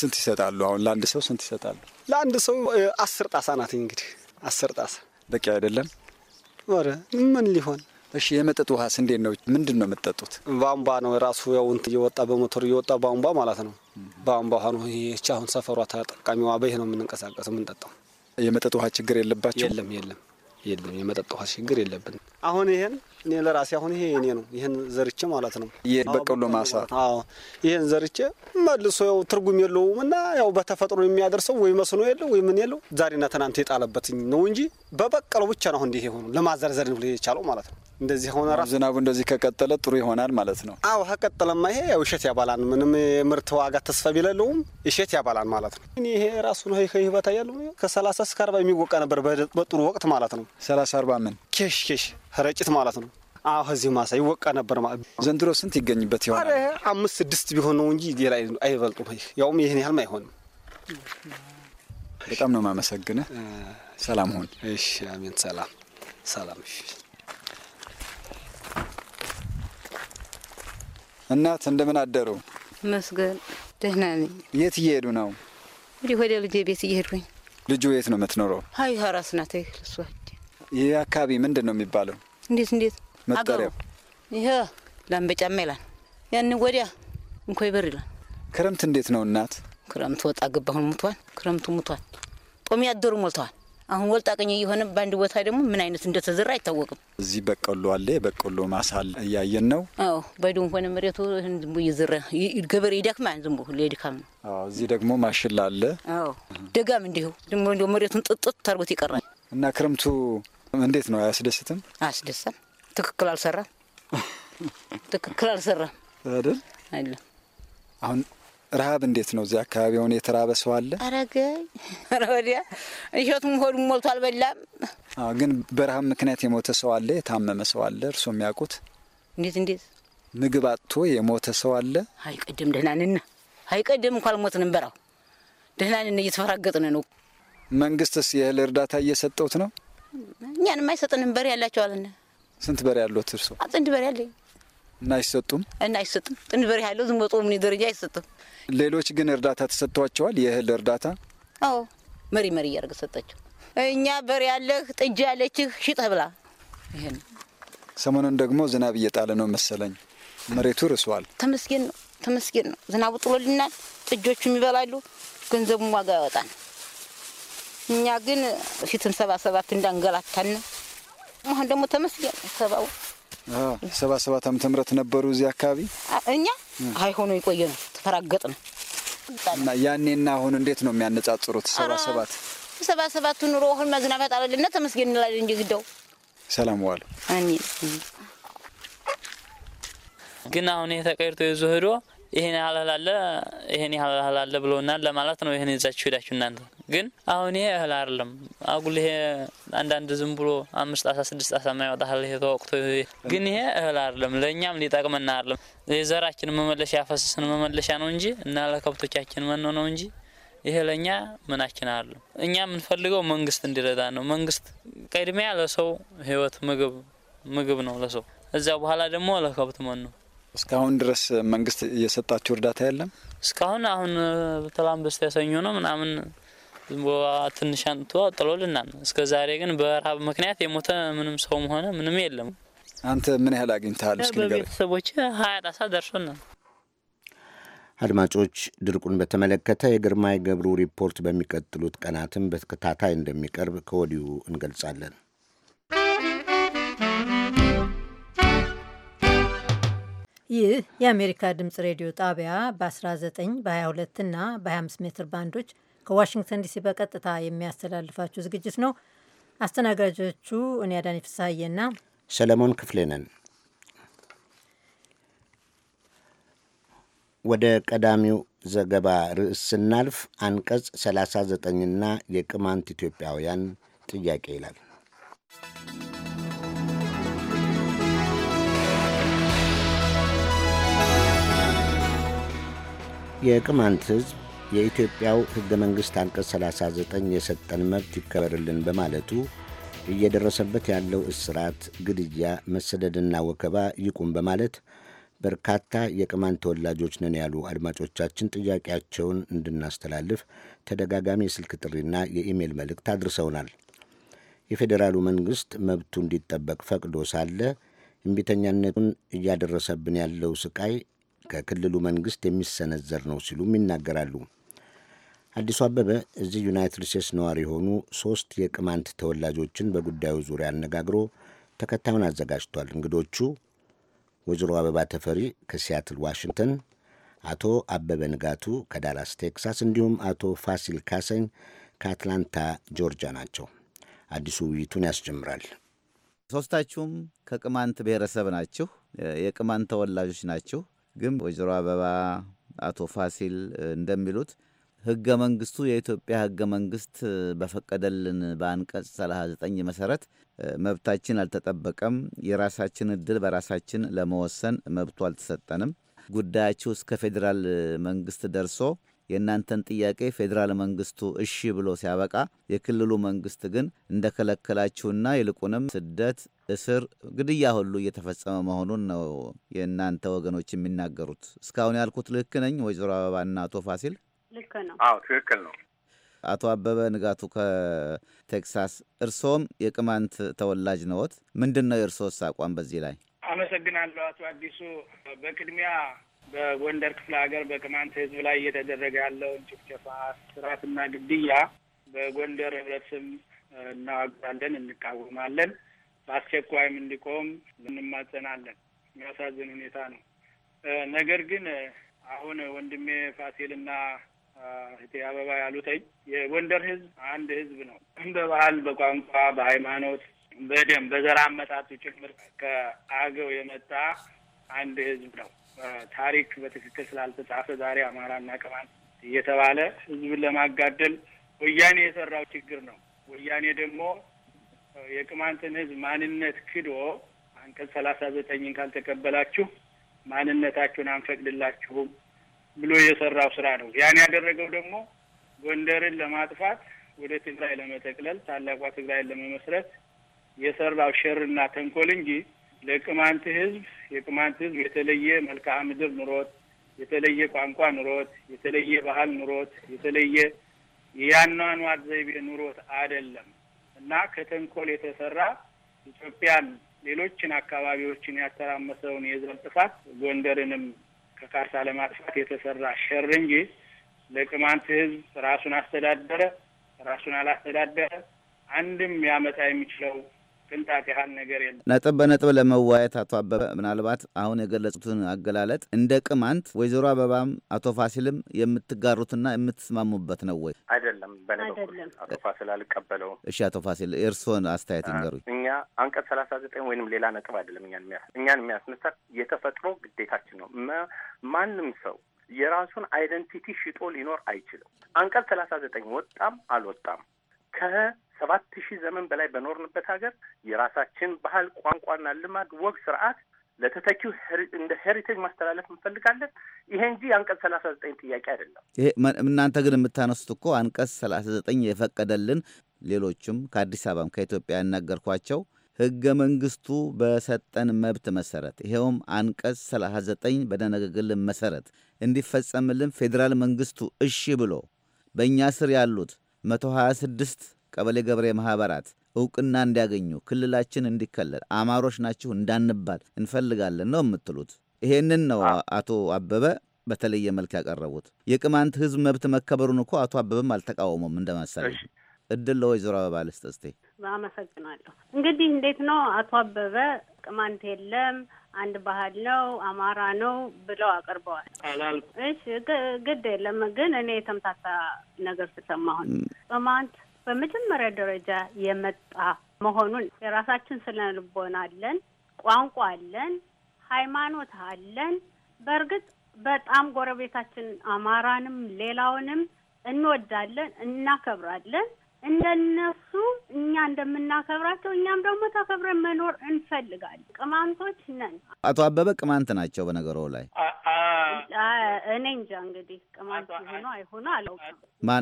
ስንት ይሰጣሉ? አሁን ለአንድ ሰው ስንት ይሰጣሉ? ለአንድ ሰው አስር ጣሳ ናት እንግዲህ አስር ጣሳ በቂ አይደለም። ኧረ ምን ሊሆን እሺ የመጠጥ ውሃስ እንዴት ነው? ምንድን ነው የምትጠጡት? ቧንቧ ነው ራሱ ያው እንትን እየወጣ በሞተር እየወጣ ቧንቧ ማለት ነው። ቧንቧ ውሃ ነው። ይህች አሁን ሰፈሯ ተጠቃሚዋ በይህ ነው የምንንቀሳቀስ የምንጠጣው። የመጠጥ ውሃ ችግር የለባቸው? የለም የለም የለም፣ የመጠጥ ውሃ ችግር የለብን። አሁን ይሄን እኔ ለራሴ አሁን ይሄ እኔ ነው ይህን ዘርቼ ማለት ነው በቆሎ ማሳ። አዎ ይህን ዘርቼ መልሶ ያው ትርጉም የለውም እና ያው በተፈጥሮ የሚያደርሰው ወይ መስኖ የለው ወይ ምን የለው ዛሬና ትናንት የጣለበት ነው እንጂ በበቀሎ ብቻ ነው እንዲህ የሆኑ ለማዘርዘር ነው የቻለው ማለት ነው። እንደዚህ ሆነ ራሱ ዝናቡ እንደዚህ ከቀጠለ ጥሩ ይሆናል ማለት ነው። አዎ ከቀጠለማ ይሄ ያው እሸት ያባላን ምንም የምርት ዋጋ ተስፋ ቢለለውም እሸት ያባላን ማለት ነው። እኔ ይሄ ራሱ ነው ይሄ ይህ ያለው ከ30 እስከ 40 የሚወቃ ነበር በጥሩ ወቅት ማለት ነው። 30 40 ምን ኬሽ ኬሽ ረጭት ማለት ነው። አዎ ከዚህ ማሳ ይወቃ ነበር ማለት ዘንድሮ ስንት ይገኝበት ይሆናል? አምስት ስድስት ቢሆን ነው እንጂ ሌላ አይበልጡም። ያውም ይህን ያህልም አይሆንም። በጣም ነው የማመሰግንህ። ሰላም ሁን። እሺ፣ አሜን። ሰላም ሰላም። እሺ እናት እንደምን አደሩ? መስገን ደህና ነኝ። የት እየሄዱ ነው? እንዲህ ወደ ልጄ ቤት እየሄድኩኝ። ልጁ የት ነው የምትኖረው? ሀይ ሀራስ ናት። ይህ አካባቢ ምንድን ነው የሚባለው? እንዴት እንዴት መጠሪያው ይሄ ላምበጫማ ይላል። ያን ወዲያ እንኳይ በር ይላል። ክረምት እንዴት ነው እናት? ክረምት ወጣ ገባ አሁን ሙቷል። ክረምቱ ሙቷል። ጦም ያደሩ ሞልተዋል። አሁን ወልጣ ቀኝ እየሆነ በአንድ ቦታ ደግሞ ምን አይነት እንደተዘራ አይታወቅም። እዚህ በቆሎ አለ። የበቆሎ ማሳል እያየን ነው። አዎ በዱም ሆነ መሬቱ ዝም ብሎ እየዘራ ገበሬ ይደክማል። ዝም ብሎ ነው። አዎ እዚህ ደግሞ ማሽላ አለ። አዎ ደጋም እንዲሁ ዝም ብሎ መሬቱን ጥጥት ታርጎት ይቀራል እና ክረምቱ እንዴት ነው? አያስደስትም? አያስደስትም። ትክክል አልሰራም። [LAUGHS] ትክክል አልሰራም አይደል? አይደለም። አሁን ረሀብ እንዴት ነው? እዚያ አካባቢ ሆነ የተራበ ሰው አለ? አረገ ወዲያ እሸቱም ሆዱ ሞልቶ አልበላም። ግን በረሀብ ምክንያት የሞተ ሰው አለ? የታመመ ሰው አለ? እርሶ የሚያውቁት እንዴት እንዴት ምግብ አጥቶ የሞተ ሰው አለ? አይቀድም ደህናንና አይቀድም እንኳ ልሞት በራው ደህናንና እየተፈራገጥን ነው። መንግስትስ የእህል እርዳታ እየሰጠውት ነው? እኛን አይሰጥንም። በሬ ያላቸው አለና ስንት በሬ ያለት እርሶ? ጥንድ በሬ አለኝ እና አይሰጡም እና አይሰጡም። ጥንድ በሬ ያለው ዝም በጦ ምን ደረጃ አይሰጡም። ሌሎች ግን እርዳታ ተሰጥቷቸዋል። የእህል እርዳታ አዎ፣ መሪ መሪ እያደረገ ሰጣቸው። እኛ በሬ ያለህ ጥጃ ያለችህ ሽጠህ ብላ። ይሄን ሰሞኑን ደግሞ ዝናብ እየጣለ ነው መሰለኝ መሬቱ ርሷል። ተመስገን ነው ተመስገን ነው። ዝናቡ ጥሎልናል። ጥጆቹም ይበላሉ። ገንዘቡም ዋጋ ያወጣል። እኛ ግን ፊትን ሰባ ሰባት እንዳንገላታን አሁን ደግሞ ተመስገን ሰባው ሰባ ሰባት ዓመተ ምህረት ነበሩ እዚህ አካባቢ እኛ አይሆኑ የቆየ ነው ተፈራገጥ ነው እና ያኔና አሁን እንዴት ነው የሚያነጻጽሩት? ሰባ ሰባት ሰባ ሰባቱ ኑሮ አሁን መዝናብ ያጣለልና ተመስገን እንላለን እንጂ ግደው ሰላም ዋሉ ግን አሁን ይሄ ተቀይርቶ ይዞ ሄዶ ይሄን ያህል እህል አለ ይሄን ያህል እህል አለ ብለውናል ለማለት ነው። ይሄን ይዛችሁ ሄዳችሁ እናንተ ግን አሁን ይሄ እህል አይደለም አጉል ይሄ አንዳንድ ዝም ብሎ አምስት አሳ ስድስት አሳ የማይወጣ እህል ይሄ ተወቅቶ ግን ይሄ እህል አይደለም ለእኛም ሊጠቅመን አይደለም። የዘራችን መመለሻ ያፈሰስን መመለሻ ነው እንጂ እና ለከብቶቻችን መኖ ነው እንጂ ይሄ ለእኛ ምናችን አይደለም። እኛ የምንፈልገው መንግስት እንዲረዳ ነው። መንግስት ቅድሚያ ለሰው ህይወት ምግብ ምግብ ነው ለሰው እዛ በኋላ ደግሞ ለከብት መኖ እስካሁን ድረስ መንግስት እየሰጣችሁ እርዳታ የለም? እስካሁን አሁን በተላም በስተ ያሰኙ ነው ምናምን ትንሽ አንጥቶ ጥሎልናል። እስከ ዛሬ ግን በረሀብ ምክንያት የሞተ ምንም ሰውም ሆነ ምንም የለም። አንተ ምን ያህል አግኝተሃል? እስኪ በቤተሰቦች ሀያ ጣሳ ደርሶናል። አድማጮች፣ ድርቁን በተመለከተ የግርማይ ገብሩ ሪፖርት በሚቀጥሉት ቀናትም በተከታታይ እንደሚቀርብ ከወዲሁ እንገልጻለን። ይህ የአሜሪካ ድምፅ ሬዲዮ ጣቢያ በ19 በ22 እና በ25 ሜትር ባንዶች ከዋሽንግተን ዲሲ በቀጥታ የሚያስተላልፋችሁ ዝግጅት ነው። አስተናጋጆቹ እኔ አዳኒ ፍስሐዬና ሰለሞን ክፍሌ ነን። ወደ ቀዳሚው ዘገባ ርዕስ ስናልፍ አንቀጽ 39ና የቅማንት ኢትዮጵያውያን ጥያቄ ይላል። የቅማንት ህዝብ የኢትዮጵያው ህገ መንግሥት አንቀጽ 39 የሰጠን መብት ይከበርልን በማለቱ እየደረሰበት ያለው እስራት፣ ግድያ፣ መሰደድና ወከባ ይቁም በማለት በርካታ የቅማንት ተወላጆች ነን ያሉ አድማጮቻችን ጥያቄያቸውን እንድናስተላልፍ ተደጋጋሚ የስልክ ጥሪና የኢሜይል መልእክት አድርሰውናል። የፌዴራሉ መንግሥት መብቱ እንዲጠበቅ ፈቅዶ ሳለ እምቢተኛነቱን እያደረሰብን ያለው ስቃይ ከክልሉ መንግስት የሚሰነዘር ነው ሲሉም ይናገራሉ። አዲሱ አበበ እዚህ ዩናይትድ ስቴትስ ነዋሪ የሆኑ ሶስት የቅማንት ተወላጆችን በጉዳዩ ዙሪያ አነጋግሮ ተከታዩን አዘጋጅቷል። እንግዶቹ ወይዘሮ አበባ ተፈሪ ከሲያትል ዋሽንግተን፣ አቶ አበበ ንጋቱ ከዳላስ ቴክሳስ፣ እንዲሁም አቶ ፋሲል ካሰኝ ከአትላንታ ጆርጂያ ናቸው። አዲሱ ውይይቱን ያስጀምራል። ሶስታችሁም ከቅማንት ብሔረሰብ ናችሁ፣ የቅማንት ተወላጆች ናችሁ። ግን ወይዘሮ አበባ አቶ ፋሲል እንደሚሉት ህገ መንግስቱ የኢትዮጵያ ህገ መንግስት በፈቀደልን በአንቀጽ 39 መሰረት መብታችን አልተጠበቀም፣ የራሳችን እድል በራሳችን ለመወሰን መብቱ አልተሰጠንም፣ ጉዳያችሁ እስከ ፌዴራል መንግስት ደርሶ የእናንተን ጥያቄ ፌዴራል መንግስቱ እሺ ብሎ ሲያበቃ የክልሉ መንግስት ግን እንደከለከላችሁና ይልቁንም ስደት፣ እስር፣ ግድያ ሁሉ እየተፈጸመ መሆኑን ነው የእናንተ ወገኖች የሚናገሩት። እስካሁን ያልኩት ልክ ነኝ ወይዘሮ አበባና አቶ ፋሲል? ልክ ነው። አዎ ትክክል ነው። አቶ አበበ ንጋቱ ከቴክሳስ፣ እርሶም የቅማንት ተወላጅ ነዎት። ምንድን ነው የእርስዎስ አቋም በዚህ ላይ? አመሰግናለሁ አቶ አዲሱ። በቅድሚያ በጎንደር ክፍለ ሀገር በቅማንት ህዝብ ላይ እየተደረገ ያለውን ጭፍጨፋ፣ ስርዓትና ግድያ በጎንደር ህብረተሰብ እናዋግዛለን፣ እንቃወማለን። በአስቸኳይም እንዲቆም እንማጸናለን። የሚያሳዝን ሁኔታ ነው። ነገር ግን አሁን ወንድሜ ፋሲልና እህቴ አበባ ያሉተኝ የጎንደር ህዝብ አንድ ህዝብ ነው። በባህል፣ በቋንቋ፣ በሃይማኖት፣ በደም፣ በዘር አመጣቱ ጭምር ከአገው የመጣ አንድ ህዝብ ነው። ታሪክ በትክክል ስላልተጻፈ ዛሬ አማራና ቅማንት እየተባለ ህዝብን ለማጋደል ወያኔ የሰራው ችግር ነው። ወያኔ ደግሞ የቅማንትን ህዝብ ማንነት ክዶ አንቀጽ ሰላሳ ዘጠኝን ካልተቀበላችሁ ማንነታችሁን አንፈቅድላችሁም ብሎ የሰራው ስራ ነው። ያን ያደረገው ደግሞ ጎንደርን ለማጥፋት ወደ ትግራይ ለመጠቅለል ታላቋ ትግራይን ለመመስረት የሰራው ሸርና ተንኮል እንጂ ለቅማንት ህዝብ የቅማንት ህዝብ የተለየ መልክዓ ምድር ኑሮት፣ የተለየ ቋንቋ ኑሮት፣ የተለየ ባህል ኑሮት፣ የተለየ የአኗኗር ዘይቤ ኑሮት አይደለም እና ከተንኮል የተሰራ ኢትዮጵያን ሌሎችን አካባቢዎችን ያተራመሰውን የዘር ጥፋት ጎንደርንም ከካርታ ለማጥፋት የተሰራ ሸር እንጂ ለቅማንት ህዝብ ራሱን አስተዳደረ ራሱን አላስተዳደረ አንድም ያመጣ የሚችለው ቅንጣት ያህል ነገር የለም። ነጥብ በነጥብ ለመዋየት አቶ አበበ ምናልባት አሁን የገለጹትን አገላለጥ እንደ ቅማንት ወይዘሮ አበባም አቶ ፋሲልም የምትጋሩትና የምትስማሙበት ነው ወይ? አይደለም። በኔ በኩል አቶ ፋሲል አልቀበለው። እሺ፣ አቶ ፋሲል የእርስዎን አስተያየት ይንገሩኝ። እኛ አንቀጽ ሰላሳ ዘጠኝ ወይንም ሌላ ነጥብ አይደለም እኛን የሚያ እኛን የሚያስነሳት የተፈጥሮ ግዴታችን ነው። ማንም ሰው የራሱን አይደንቲቲ ሽጦ ሊኖር አይችልም። አንቀጽ ሰላሳ ዘጠኝ ወጣም አልወጣም ከ ሰባት ሺህ ዘመን በላይ በኖርንበት ሀገር የራሳችን ባህል፣ ቋንቋና ልማድ፣ ወግ፣ ስርዓት ለተተኪው እንደ ሄሪቴጅ ማስተላለፍ እንፈልጋለን። ይሄ እንጂ የአንቀጽ ሰላሳ ዘጠኝ ጥያቄ አይደለም። እናንተ ግን የምታነሱት እኮ አንቀጽ ሰላሳ ዘጠኝ የፈቀደልን ሌሎችም ከአዲስ አበባም ከኢትዮጵያ ያናገርኳቸው ህገ መንግስቱ በሰጠን መብት መሰረት ይኸውም አንቀጽ 39 በደነገገልን መሰረት እንዲፈጸምልን ፌዴራል መንግስቱ እሺ ብሎ በእኛ ስር ያሉት 126 ቀበሌ ገበሬ ማህበራት እውቅና እንዲያገኙ ክልላችን እንዲከለል አማሮች ናችሁ እንዳንባል እንፈልጋለን ነው የምትሉት? ይሄንን ነው አቶ አበበ በተለየ መልክ ያቀረቡት። የቅማንት ህዝብ መብት መከበሩን እኮ አቶ አበበም አልተቃወሙም። እንደመሰለ እድል ለወይዘሮ አበባ ልስጥ እስቴ። አመሰግናለሁ። እንግዲህ እንዴት ነው አቶ አበበ ቅማንት የለም አንድ ባህል ነው አማራ ነው ብለው አቅርበዋል። እሺ ግድ የለም ግን እኔ የተምታታ ነገር ስሰማሁን ቅማንት በመጀመሪያ ደረጃ የመጣ መሆኑን የራሳችን ስነ ልቦና አለን፣ ቋንቋ አለን፣ ሃይማኖት አለን። በእርግጥ በጣም ጎረቤታችን አማራንም ሌላውንም እንወዳለን፣ እናከብራለን። እንደነሱ እኛ እንደምናከብራቸው እኛም ደግሞ ተከብረን መኖር እንፈልጋለን። ቅማንቶች ነን። አቶ አበበ ቅማንት ናቸው። በነገሮ ላይ እኔ እንጃ እንግዲህ ቅማንት ሆኖ አይሆኑ አላውቅም።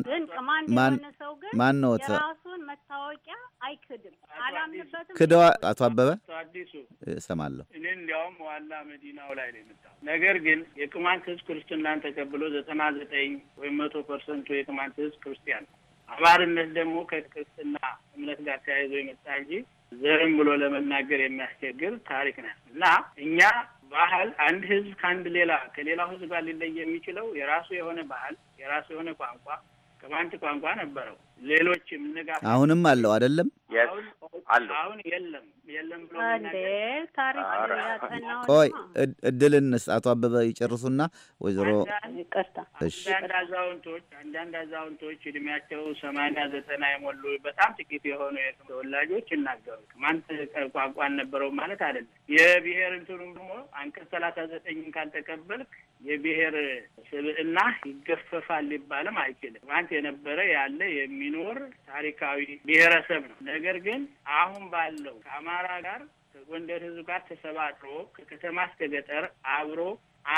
ግን ቅማንት የሆነ ሰው ግን ማን ነው የራሱን መታወቂያ አይክድም። አላምንበትም። ክደዋ አቶ አበበ አዲሱ እሰማለሁ። እኔ እንዲያውም ዋላ መዲናው ላይ ነው የምታ ነገር ግን የቅማንት ህዝብ ክርስትናን ተቀብሎ ዘጠና ዘጠኝ ወይም መቶ ፐርሰንቱ የቅማንት ህዝብ ክርስቲያን ነው አማርነት ደግሞ ከክርስትና እምነት ጋር ተያይዞ የመጣ እንጂ ዘርም ብሎ ለመናገር የሚያስቸግር ታሪክ ነው እና እኛ ባህል አንድ ህዝብ ከአንድ ሌላ ከሌላው ህዝብ ጋር ሊለይ የሚችለው የራሱ የሆነ ባህል የራሱ የሆነ ቋንቋ ቅማንት ቋንቋ ነበረው። ሌሎችም ንጋ አሁንም አለው አይደለም አሁን የለም የለም ብሎ ታሪክ [LAUGHS] ቆይ አቶ አበበ ይጨርሱና ወይዘሮ አንዳንድ አዛውንቶች አንዳንድ አዛውንቶች እድሜያቸው ሰማንያ ዘጠና የሞሉ በጣም ጥቂት የሆኑ ተወላጆች ይናገሩ። ማን ቋንቋ ነበረው ማለት አይደለም። የብሔር እንትኑ ደግሞ አንቀጽ ሰላሳ ዘጠኝን ካልተቀበልክ የብሔር ስብዕና ይገፈፋል ሊባልም አይችልም። ማንት የነበረ ያለ የሚኖር ታሪካዊ ብሔረሰብ ነው። ነገር ግን አሁን ባለው ከአማራ ጋር ከጎንደር ህዝብ ጋር ተሰባጥሮ ከከተማ እስከ ገጠር አብሮ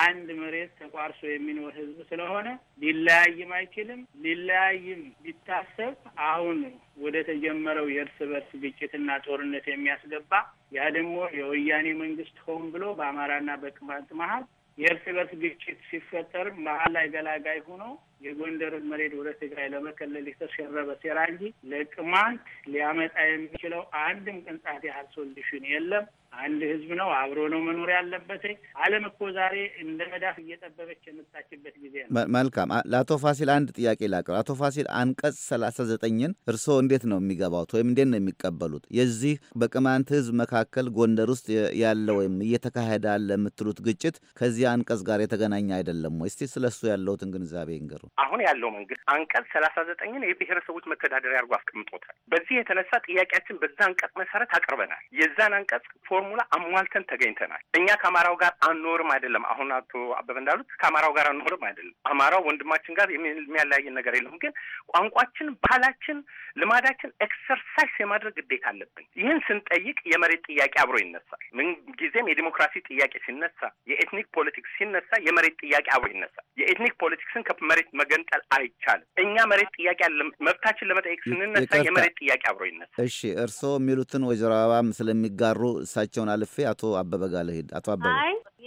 አንድ መሬት ተቋርሶ የሚኖር ህዝብ ስለሆነ ሊለያይም አይችልም። ሊለያይም ቢታሰብ አሁን ወደ ተጀመረው የእርስ በርስ ግጭትና ጦርነት የሚያስገባ ያ ደግሞ የወያኔ መንግስት ሆን ብሎ በአማራና በቅማንት መሀል የእርስ በርስ ግጭት ሲፈጠር መሀል ላይ ገላጋይ ሆኖ የጎንደርን መሬት ወደ ትግራይ ለመከለል የተሸረበ ሴራ እንጂ ለቅማንት ሊያመጣ የሚችለው አንድም ቅንጣት ያህል ሶሉሽን የለም። አንድ ህዝብ ነው። አብሮ ነው መኖር ያለበት። ዓለም እኮ ዛሬ እንደ መዳፍ እየጠበበች የመጣችበት ጊዜ ነው። መልካም። ለአቶ ፋሲል አንድ ጥያቄ ላቀር። አቶ ፋሲል አንቀጽ ሰላሳ ዘጠኝን እርስዎ እንዴት ነው የሚገባውት ወይም እንዴት ነው የሚቀበሉት? የዚህ በቅማንት ህዝብ መካከል ጎንደር ውስጥ ያለ ወይም እየተካሄደ አለ የምትሉት ግጭት ከዚህ አንቀጽ ጋር የተገናኘ አይደለም ወይ? እስቲ ስለ እሱ ያለውትን ግንዛቤ ይንገሩ። አሁን ያለው መንግስት አንቀጽ ሰላሳ ዘጠኝን የብሔረሰቦች መተዳደሪያ አድርጎ አስቀምጦታል። በዚህ የተነሳ ጥያቄያችን በዛ አንቀጽ መሰረት አቅርበናል። የዛን አንቀጽ ፎርሙላ አሟልተን ተገኝተናል። እኛ ከአማራው ጋር አንኖርም አይደለም። አሁን አቶ አበበ እንዳሉት ከአማራው ጋር አንኖርም አይደለም። አማራው ወንድማችን ጋር የሚያለያየን ነገር የለም። ግን ቋንቋችን፣ ባህላችን፣ ልማዳችን ኤክሰርሳይዝ የማድረግ ግዴታ አለብን። ይህን ስንጠይቅ የመሬት ጥያቄ አብሮ ይነሳል። ምን ጊዜም የዲሞክራሲ ጥያቄ ሲነሳ፣ የኤትኒክ ፖለቲክስ ሲነሳ፣ የመሬት ጥያቄ አብሮ ይነሳል። የኤትኒክ ፖለቲክስን ከመሬት መገንጠል አይቻልም። እኛ መሬት ጥያቄ መብታችን ለመጠየቅ ስንነሳ የመሬት ጥያቄ አብሮ ይነሳል። እሺ እርስዎ የሚሉትን ወይዘሮ አበባም ስለሚጋሩ እሳ እሳቸውን አልፌ አቶ አበበ ጋር ልሂድ። አቶ አበበ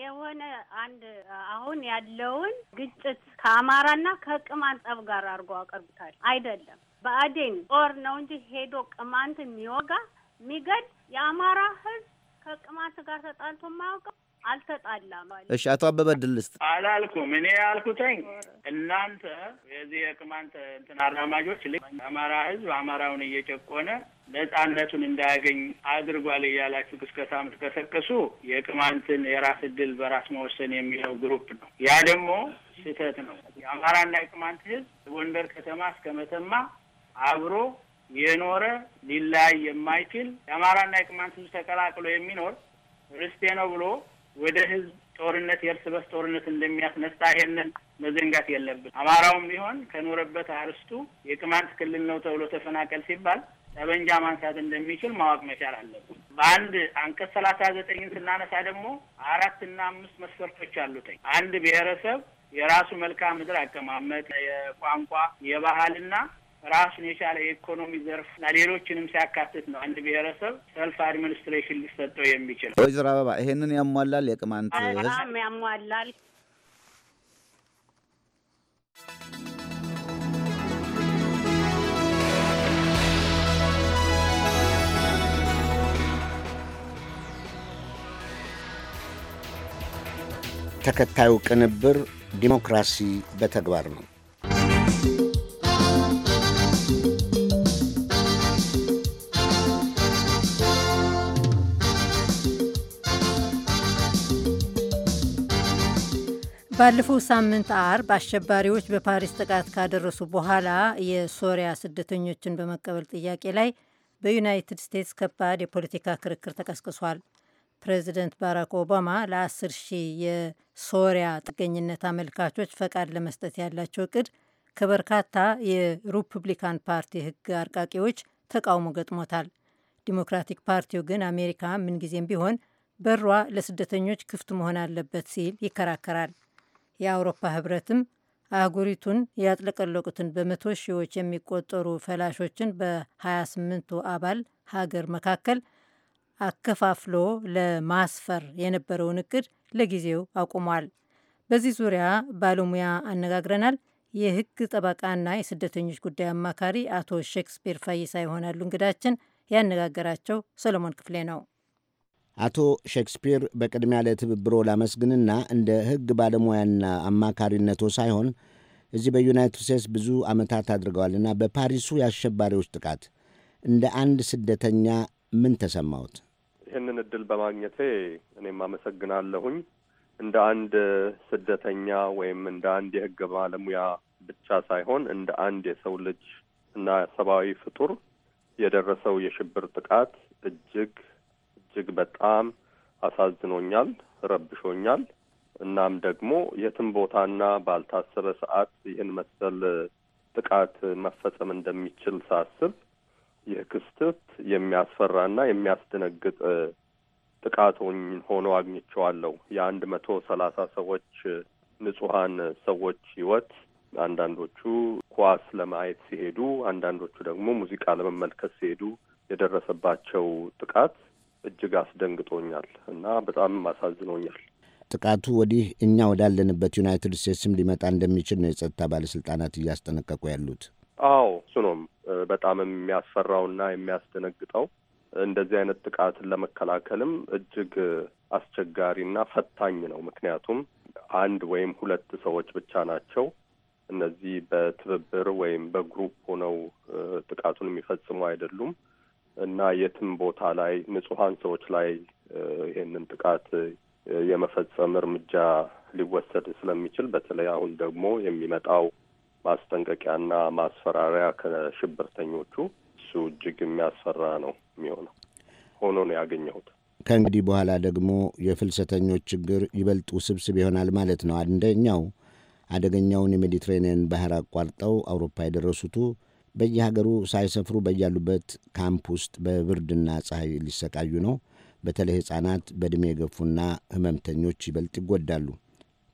የሆነ አንድ አሁን ያለውን ግጭት ከአማራና ከቅማንት ጠብ ጋር አድርጎ አቀርቡታል። አይደለም በአዴን ጦር ነው እንጂ ሄዶ ቅማንት የሚወጋ የሚገድ የአማራ ህዝብ ከቅማንት ጋር ተጣልቶ የማያውቀው አልተጣላም። እሺ አቶ አበበ ድልስት አላልኩም። እኔ ያልኩትኝ እናንተ የዚህ የቅማንት እንትን አራማጆች አማራ ህዝብ አማራውን እየጨቆነ ነጻነቱን እንዳያገኝ አድርጓል እያላችሁ ቅስቀሳ የምትቀሰቅሱ የቅማንትን የራስ እድል በራስ መወሰን የሚለው ግሩፕ ነው። ያ ደግሞ ስህተት ነው። የአማራና የቅማንት ህዝብ ጎንደር ከተማ እስከ መተማ አብሮ የኖረ ሊላይ የማይችል የአማራና የቅማንት ህዝብ ተቀላቅሎ የሚኖር ርስቴ ነው ብሎ ወደ ህዝብ ጦርነት የእርስ በርስ ጦርነት እንደሚያስነሳ ይሄንን መዘንጋት የለብን። አማራውም ቢሆን ከኖረበት አርስቱ የቅማንት ክልል ነው ተብሎ ተፈናቀል ሲባል ጠበንጃ ማንሳት እንደሚችል ማወቅ መቻል አለብን። በአንድ አንቀጽ ሰላሳ ዘጠኝን ስናነሳ ደግሞ አራት እና አምስት መስፈርቶች አሉት። አንድ ብሔረሰብ የራሱ መልክዓ ምድር አቀማመጥ፣ የቋንቋ፣ የባህልና ራሱን የቻለ የኢኮኖሚ ዘርፍ እና ሌሎችንም ሲያካትት ነው አንድ ብሔረሰብ ሰልፍ አድሚኒስትሬሽን ሊሰጠው የሚችል። ወይዘሮ አበባ ይሄንን ያሟላል፣ የቅማንት ህዝብ ያሟላል። ተከታዩ ቅንብር ዲሞክራሲ በተግባር ነው። ባለፈው ሳምንት አርብ አሸባሪዎች በፓሪስ ጥቃት ካደረሱ በኋላ የሶሪያ ስደተኞችን በመቀበል ጥያቄ ላይ በዩናይትድ ስቴትስ ከባድ የፖለቲካ ክርክር ተቀስቅሷል። ፕሬዚደንት ባራክ ኦባማ ለአስር ሺህ የሶሪያ ጥገኝነት አመልካቾች ፈቃድ ለመስጠት ያላቸው እቅድ ከበርካታ የሪፑብሊካን ፓርቲ ሕግ አርቃቂዎች ተቃውሞ ገጥሞታል። ዲሞክራቲክ ፓርቲው ግን አሜሪካ ምንጊዜም ቢሆን በሯ ለስደተኞች ክፍት መሆን አለበት ሲል ይከራከራል። የአውሮፓ ህብረትም አህጉሪቱን ያጥለቀለቁትን በመቶ ሺዎች የሚቆጠሩ ፈላሾችን በ28ቱ አባል ሀገር መካከል አከፋፍሎ ለማስፈር የነበረውን እቅድ ለጊዜው አቁሟል። በዚህ ዙሪያ ባለሙያ አነጋግረናል። የህግ ጠበቃና የስደተኞች ጉዳይ አማካሪ አቶ ሼክስፒር ፈይሳ ይሆናሉ እንግዳችን። ያነጋገራቸው ሰሎሞን ክፍሌ ነው። አቶ ሼክስፒር በቅድሚያ ለትብብሮ ላመስግንና እንደ ሕግ ባለሙያና አማካሪነቶ ሳይሆን እዚህ በዩናይትድ ስቴትስ ብዙ ዓመታት አድርገዋልና በፓሪሱ የአሸባሪዎች ጥቃት እንደ አንድ ስደተኛ ምን ተሰማሁት? ይህንን እድል በማግኘቴ እኔም አመሰግናለሁኝ። እንደ አንድ ስደተኛ ወይም እንደ አንድ የህግ ባለሙያ ብቻ ሳይሆን እንደ አንድ የሰው ልጅ እና ሰብአዊ ፍጡር የደረሰው የሽብር ጥቃት እጅግ እጅግ በጣም አሳዝኖኛል፣ ረብሾኛል። እናም ደግሞ የትም ቦታና ባልታሰበ ሰዓት ይህን መሰል ጥቃት መፈጸም እንደሚችል ሳስብ ይህ ክስተት የሚያስፈራና የሚያስደነግጥ ጥቃቶኝ ሆኖ አግኝቸዋለሁ። የአንድ መቶ ሰላሳ ሰዎች ንጹሀን ሰዎች ህይወት አንዳንዶቹ ኳስ ለማየት ሲሄዱ፣ አንዳንዶቹ ደግሞ ሙዚቃ ለመመልከት ሲሄዱ የደረሰባቸው ጥቃት እጅግ አስደንግጦኛል እና በጣም አሳዝኖኛል። ጥቃቱ ወዲህ እኛ ወዳለንበት ዩናይትድ ስቴትስም ሊመጣ እንደሚችል ነው የጸጥታ ባለስልጣናት እያስጠነቀቁ ያሉት። አዎ ስኖም በጣም የሚያስፈራውና የሚያስደነግጠው እንደዚህ አይነት ጥቃትን ለመከላከልም እጅግ አስቸጋሪና ፈታኝ ነው። ምክንያቱም አንድ ወይም ሁለት ሰዎች ብቻ ናቸው እነዚህ በትብብር ወይም በግሩፕ ሆነው ጥቃቱን የሚፈጽሙ አይደሉም። እና የትም ቦታ ላይ ንጹሐን ሰዎች ላይ ይህንን ጥቃት የመፈጸም እርምጃ ሊወሰድ ስለሚችል በተለይ አሁን ደግሞ የሚመጣው ማስጠንቀቂያና ማስፈራሪያ ከሽብርተኞቹ እሱ እጅግ የሚያስፈራ ነው የሚሆነው። ሆኖ ነው ያገኘሁት። ከእንግዲህ በኋላ ደግሞ የፍልሰተኞች ችግር ይበልጥ ውስብስብ ይሆናል ማለት ነው። አንደኛው አደገኛውን የሜዲትሬኒያን ባህር አቋርጠው አውሮፓ የደረሱቱ በየሀገሩ ሳይሰፍሩ በያሉበት ካምፕ ውስጥ በብርድና ፀሐይ ሊሰቃዩ ነው። በተለይ ሕፃናት፣ በዕድሜ የገፉና ህመምተኞች ይበልጥ ይጎዳሉ።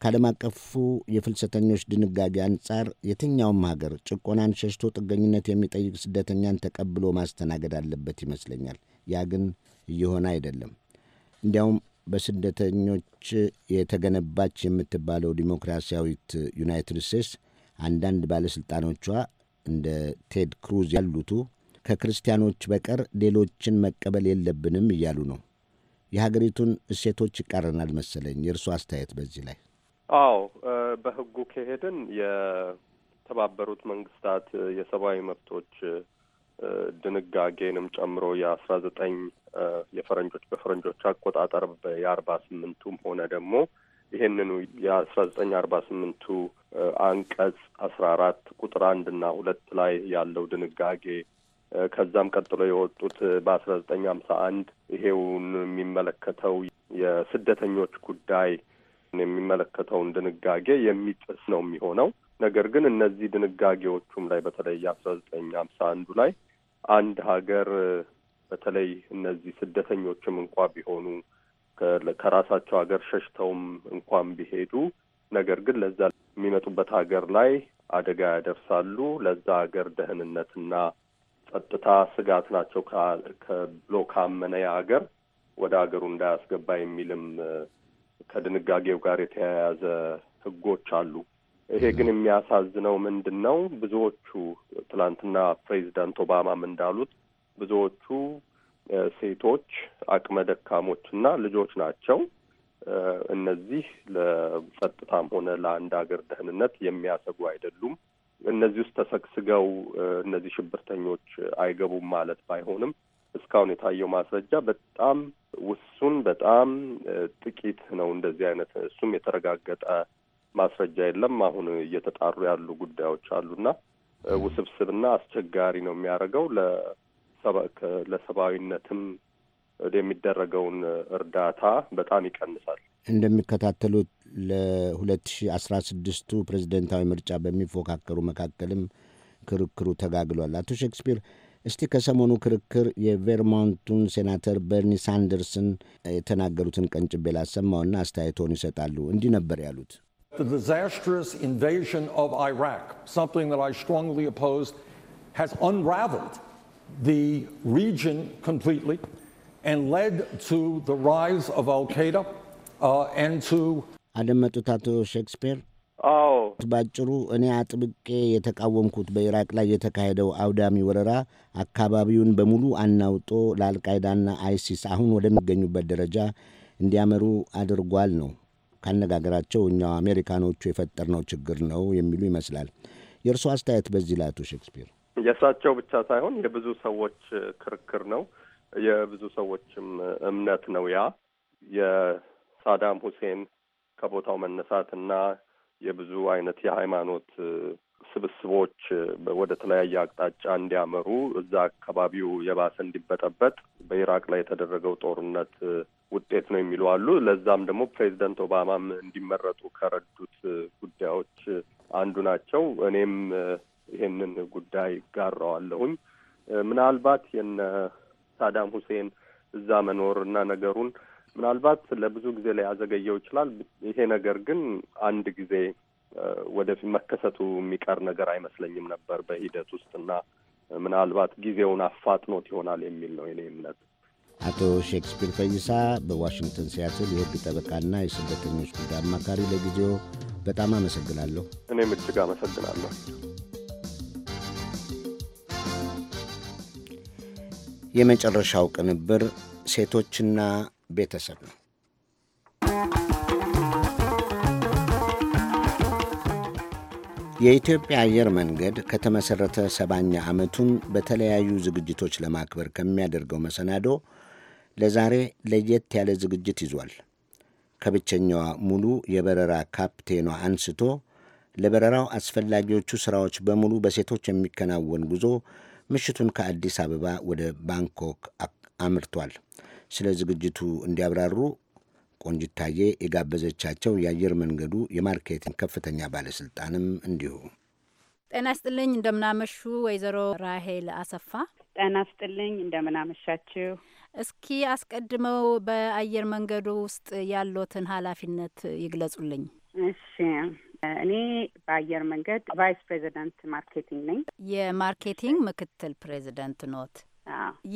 ከዓለም አቀፉ የፍልሰተኞች ድንጋጌ አንጻር የትኛውም ሀገር ጭቆናን ሸሽቶ ጥገኝነት የሚጠይቅ ስደተኛን ተቀብሎ ማስተናገድ አለበት ይመስለኛል። ያ ግን እየሆነ አይደለም። እንዲያውም በስደተኞች የተገነባች የምትባለው ዲሞክራሲያዊት ዩናይትድ ስቴትስ አንዳንድ ባለሥልጣኖቿ እንደ ቴድ ክሩዝ ያሉቱ ከክርስቲያኖች በቀር ሌሎችን መቀበል የለብንም እያሉ ነው። የሀገሪቱን እሴቶች ይቃረናል መሰለኝ። የእርሱ አስተያየት በዚህ ላይ? አዎ በህጉ ከሄድን የተባበሩት መንግስታት የሰብአዊ መብቶች ድንጋጌንም ጨምሮ የአስራ ዘጠኝ የፈረንጆች በፈረንጆች አቆጣጠር የአርባ ስምንቱም ሆነ ደግሞ ይሄንኑ የአስራ ዘጠኝ አርባ ስምንቱ አንቀጽ አስራ አራት ቁጥር አንድና ሁለት ላይ ያለው ድንጋጌ ከዛም ቀጥሎ የወጡት በአስራ ዘጠኝ ሀምሳ አንድ ይሄውን የሚመለከተው የስደተኞች ጉዳይ የሚመለከተውን ድንጋጌ የሚጥስ ነው የሚሆነው። ነገር ግን እነዚህ ድንጋጌዎቹም ላይ በተለይ የአስራ ዘጠኝ ሀምሳ አንዱ ላይ አንድ ሀገር በተለይ እነዚህ ስደተኞችም እንኳ ቢሆኑ ከራሳቸው ሀገር ሸሽተውም እንኳን ቢሄዱ ነገር ግን ለዛ የሚመጡበት ሀገር ላይ አደጋ ያደርሳሉ። ለዛ ሀገር ደህንነትና ጸጥታ ስጋት ናቸው ብሎ ካመነ ያ ሀገር ወደ ሀገሩ እንዳያስገባ የሚልም ከድንጋጌው ጋር የተያያዘ ህጎች አሉ። ይሄ ግን የሚያሳዝነው ምንድን ነው? ብዙዎቹ ትላንትና ፕሬዚዳንት ኦባማም እንዳሉት ብዙዎቹ ሴቶች፣ አቅመ ደካሞች እና ልጆች ናቸው። እነዚህ ለጸጥታም ሆነ ለአንድ ሀገር ደህንነት የሚያሰጉ አይደሉም። እነዚህ ውስጥ ተሰግስገው እነዚህ ሽብርተኞች አይገቡም ማለት ባይሆንም እስካሁን የታየው ማስረጃ በጣም ውሱን፣ በጣም ጥቂት ነው። እንደዚህ አይነት እሱም የተረጋገጠ ማስረጃ የለም። አሁን እየተጣሩ ያሉ ጉዳዮች አሉና ውስብስብና አስቸጋሪ ነው የሚያደርገው ለ ለሰብአዊነትም የሚደረገውን እርዳታ በጣም ይቀንሳል። እንደሚከታተሉት ለ 2016 ስድስቱ ፕሬዚደንታዊ ምርጫ በሚፎካከሩ መካከልም ክርክሩ ተጋግሏል። አቶ ሼክስፒር እስቲ ከሰሞኑ ክርክር የቬርማንቱን ሴናተር በርኒ ሳንደርስን የተናገሩትን ቀንጭቤ ላሰማውና አስተያየቶን ይሰጣሉ። እንዲህ ነበር ያሉት። ኢንቬዥን ኦፍ ኢራቅ ሶምቲንግ ዛት አይ ስትሮንግሊ ኦፖዝድ ሃዝ አንራቨልድ the region completely and led to the rise of Al Qaeda uh, and to. አደመጡት አቶ ሼክስፒር። አዎ ባጭሩ እኔ አጥብቄ የተቃወምኩት በኢራቅ ላይ የተካሄደው አውዳሚ ወረራ አካባቢውን በሙሉ አናውጦ ለአልቃይዳና አይሲስ አሁን ወደሚገኙበት ደረጃ እንዲያመሩ አድርጓል ነው ካነጋገራቸው እኛው አሜሪካኖቹ የፈጠርነው ችግር ነው የሚሉ ይመስላል። የእርስዎ አስተያየት በዚህ ላይ አቶ ሼክስፒር? የእሳቸው ብቻ ሳይሆን የብዙ ሰዎች ክርክር ነው፣ የብዙ ሰዎችም እምነት ነው። ያ የሳዳም ሁሴን ከቦታው መነሳት እና የብዙ አይነት የሃይማኖት ስብስቦች ወደ ተለያየ አቅጣጫ እንዲያመሩ እዛ አካባቢው የባሰ እንዲበጠበጥ በኢራቅ ላይ የተደረገው ጦርነት ውጤት ነው የሚሉ አሉ። ለዛም ደግሞ ፕሬዚደንት ኦባማም እንዲመረጡ ከረዱት ጉዳዮች አንዱ ናቸው። እኔም ይሄንን ጉዳይ ጋራዋለሁኝ። ምናልባት የነ ሳዳም ሁሴን እዛ መኖር እና ነገሩን ምናልባት ለብዙ ጊዜ ሊያዘገየው ይችላል። ይሄ ነገር ግን አንድ ጊዜ ወደፊት መከሰቱ የሚቀር ነገር አይመስለኝም ነበር በሂደት ውስጥ እና ምናልባት ጊዜውን አፋጥኖት ይሆናል የሚል ነው የኔ እምነት። አቶ ሼክስፒር ፈይሳ በዋሽንግተን ሲያትል የህግ ጠበቃና የስደተኞች ጉዳይ አማካሪ፣ ለጊዜው በጣም አመሰግናለሁ። እኔም እጅግ አመሰግናለሁ። የመጨረሻው ቅንብር ሴቶችና ቤተሰብ ነው። የኢትዮጵያ አየር መንገድ ከተመሠረተ ሰባኛ ዓመቱን በተለያዩ ዝግጅቶች ለማክበር ከሚያደርገው መሰናዶ ለዛሬ ለየት ያለ ዝግጅት ይዟል። ከብቸኛዋ ሙሉ የበረራ ካፕቴኗ አንስቶ ለበረራው አስፈላጊዎቹ ሥራዎች በሙሉ በሴቶች የሚከናወን ጉዞ ምሽቱን ከአዲስ አበባ ወደ ባንኮክ አምርቷል። ስለ ዝግጅቱ እንዲያብራሩ ቆንጅታዬ የጋበዘቻቸው የአየር መንገዱ የማርኬቲንግ ከፍተኛ ባለስልጣንም እንዲሁ። ጤና ስጥልኝ እንደምናመሹ ወይዘሮ ራሄል አሰፋ። ጤና ስጥልኝ፣ እንደምናመሻችሁ። እስኪ አስቀድመው በአየር መንገዱ ውስጥ ያሎትን ኃላፊነት ይግለጹልኝ። እሺ እኔ በአየር መንገድ ቫይስ ፕሬዚደንት ማርኬቲንግ ነኝ። የማርኬቲንግ ምክትል ፕሬዚደንት ኖት።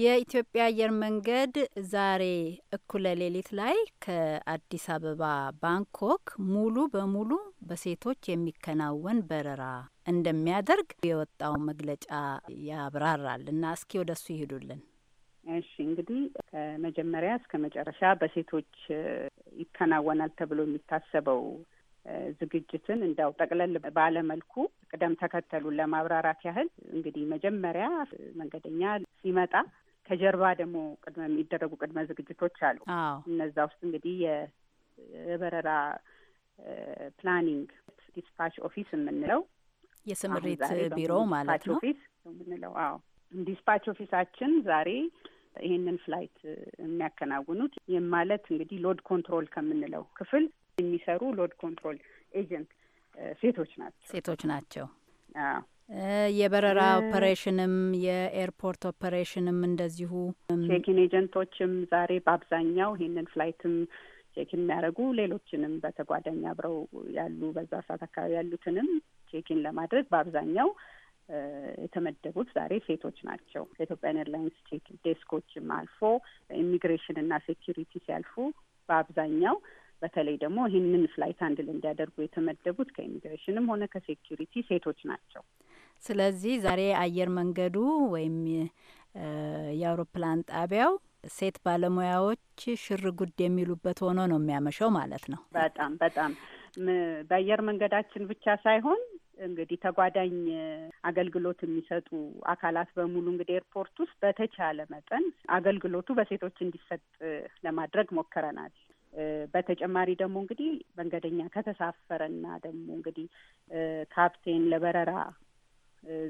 የኢትዮጵያ አየር መንገድ ዛሬ እኩለ ሌሊት ላይ ከአዲስ አበባ ባንኮክ ሙሉ በሙሉ በሴቶች የሚከናወን በረራ እንደሚያደርግ የወጣው መግለጫ ያብራራል እና እስኪ ወደ እሱ ይሄዱልን። እሺ እንግዲህ ከመጀመሪያ እስከ መጨረሻ በሴቶች ይከናወናል ተብሎ የሚታሰበው ዝግጅትን እንዳው ጠቅለል ባለመልኩ ቅደም ተከተሉን ለማብራራት ያህል እንግዲህ መጀመሪያ መንገደኛ ሲመጣ ከጀርባ ደግሞ ቅድመ የሚደረጉ ቅድመ ዝግጅቶች አሉ። እነዛ ውስጥ እንግዲህ የበረራ ፕላኒንግ ዲስፓች ኦፊስ የምንለው የስምሪት ቢሮ ማለት ነው ኦፊስ የምንለው አዎ፣ ዲስፓች ኦፊሳችን ዛሬ ይህንን ፍላይት የሚያከናውኑት ይህም ማለት እንግዲህ ሎድ ኮንትሮል ከምንለው ክፍል የሚሰሩ ሎድ ኮንትሮል ኤጀንት ሴቶች ናቸው ሴቶች ናቸው። የበረራ ኦፐሬሽንም የኤርፖርት ኦፐሬሽንም እንደዚሁ ቼኪን ኤጀንቶችም ዛሬ በአብዛኛው ይህንን ፍላይትም ቼክ የሚያደርጉ ሌሎችንም በተጓዳኝ አብረው ያሉ በዛ ሰዓት አካባቢ ያሉትንም ቼኪን ለማድረግ በአብዛኛው የተመደቡት ዛሬ ሴቶች ናቸው። ከኢትዮጵያን ኤርላይንስ ቼክ ዴስኮችም አልፎ ኢሚግሬሽን እና ሴኪሪቲ ሲያልፉ በአብዛኛው በተለይ ደግሞ ይህንን ፍላይት አንድል እንዲያደርጉ የተመደቡት ከኢሚግሬሽንም ሆነ ከሴኪሪቲ ሴቶች ናቸው። ስለዚህ ዛሬ አየር መንገዱ ወይም የአውሮፕላን ጣቢያው ሴት ባለሙያዎች ሽር ጉድ የሚሉበት ሆኖ ነው የሚያመሸው ማለት ነው። በጣም በጣም በአየር መንገዳችን ብቻ ሳይሆን እንግዲህ ተጓዳኝ አገልግሎት የሚሰጡ አካላት በሙሉ እንግዲህ ኤርፖርት ውስጥ በተቻለ መጠን አገልግሎቱ በሴቶች እንዲሰጥ ለማድረግ ሞክረናል። በተጨማሪ ደግሞ እንግዲህ መንገደኛ ከተሳፈረና ደግሞ እንግዲህ ካፕቴን ለበረራ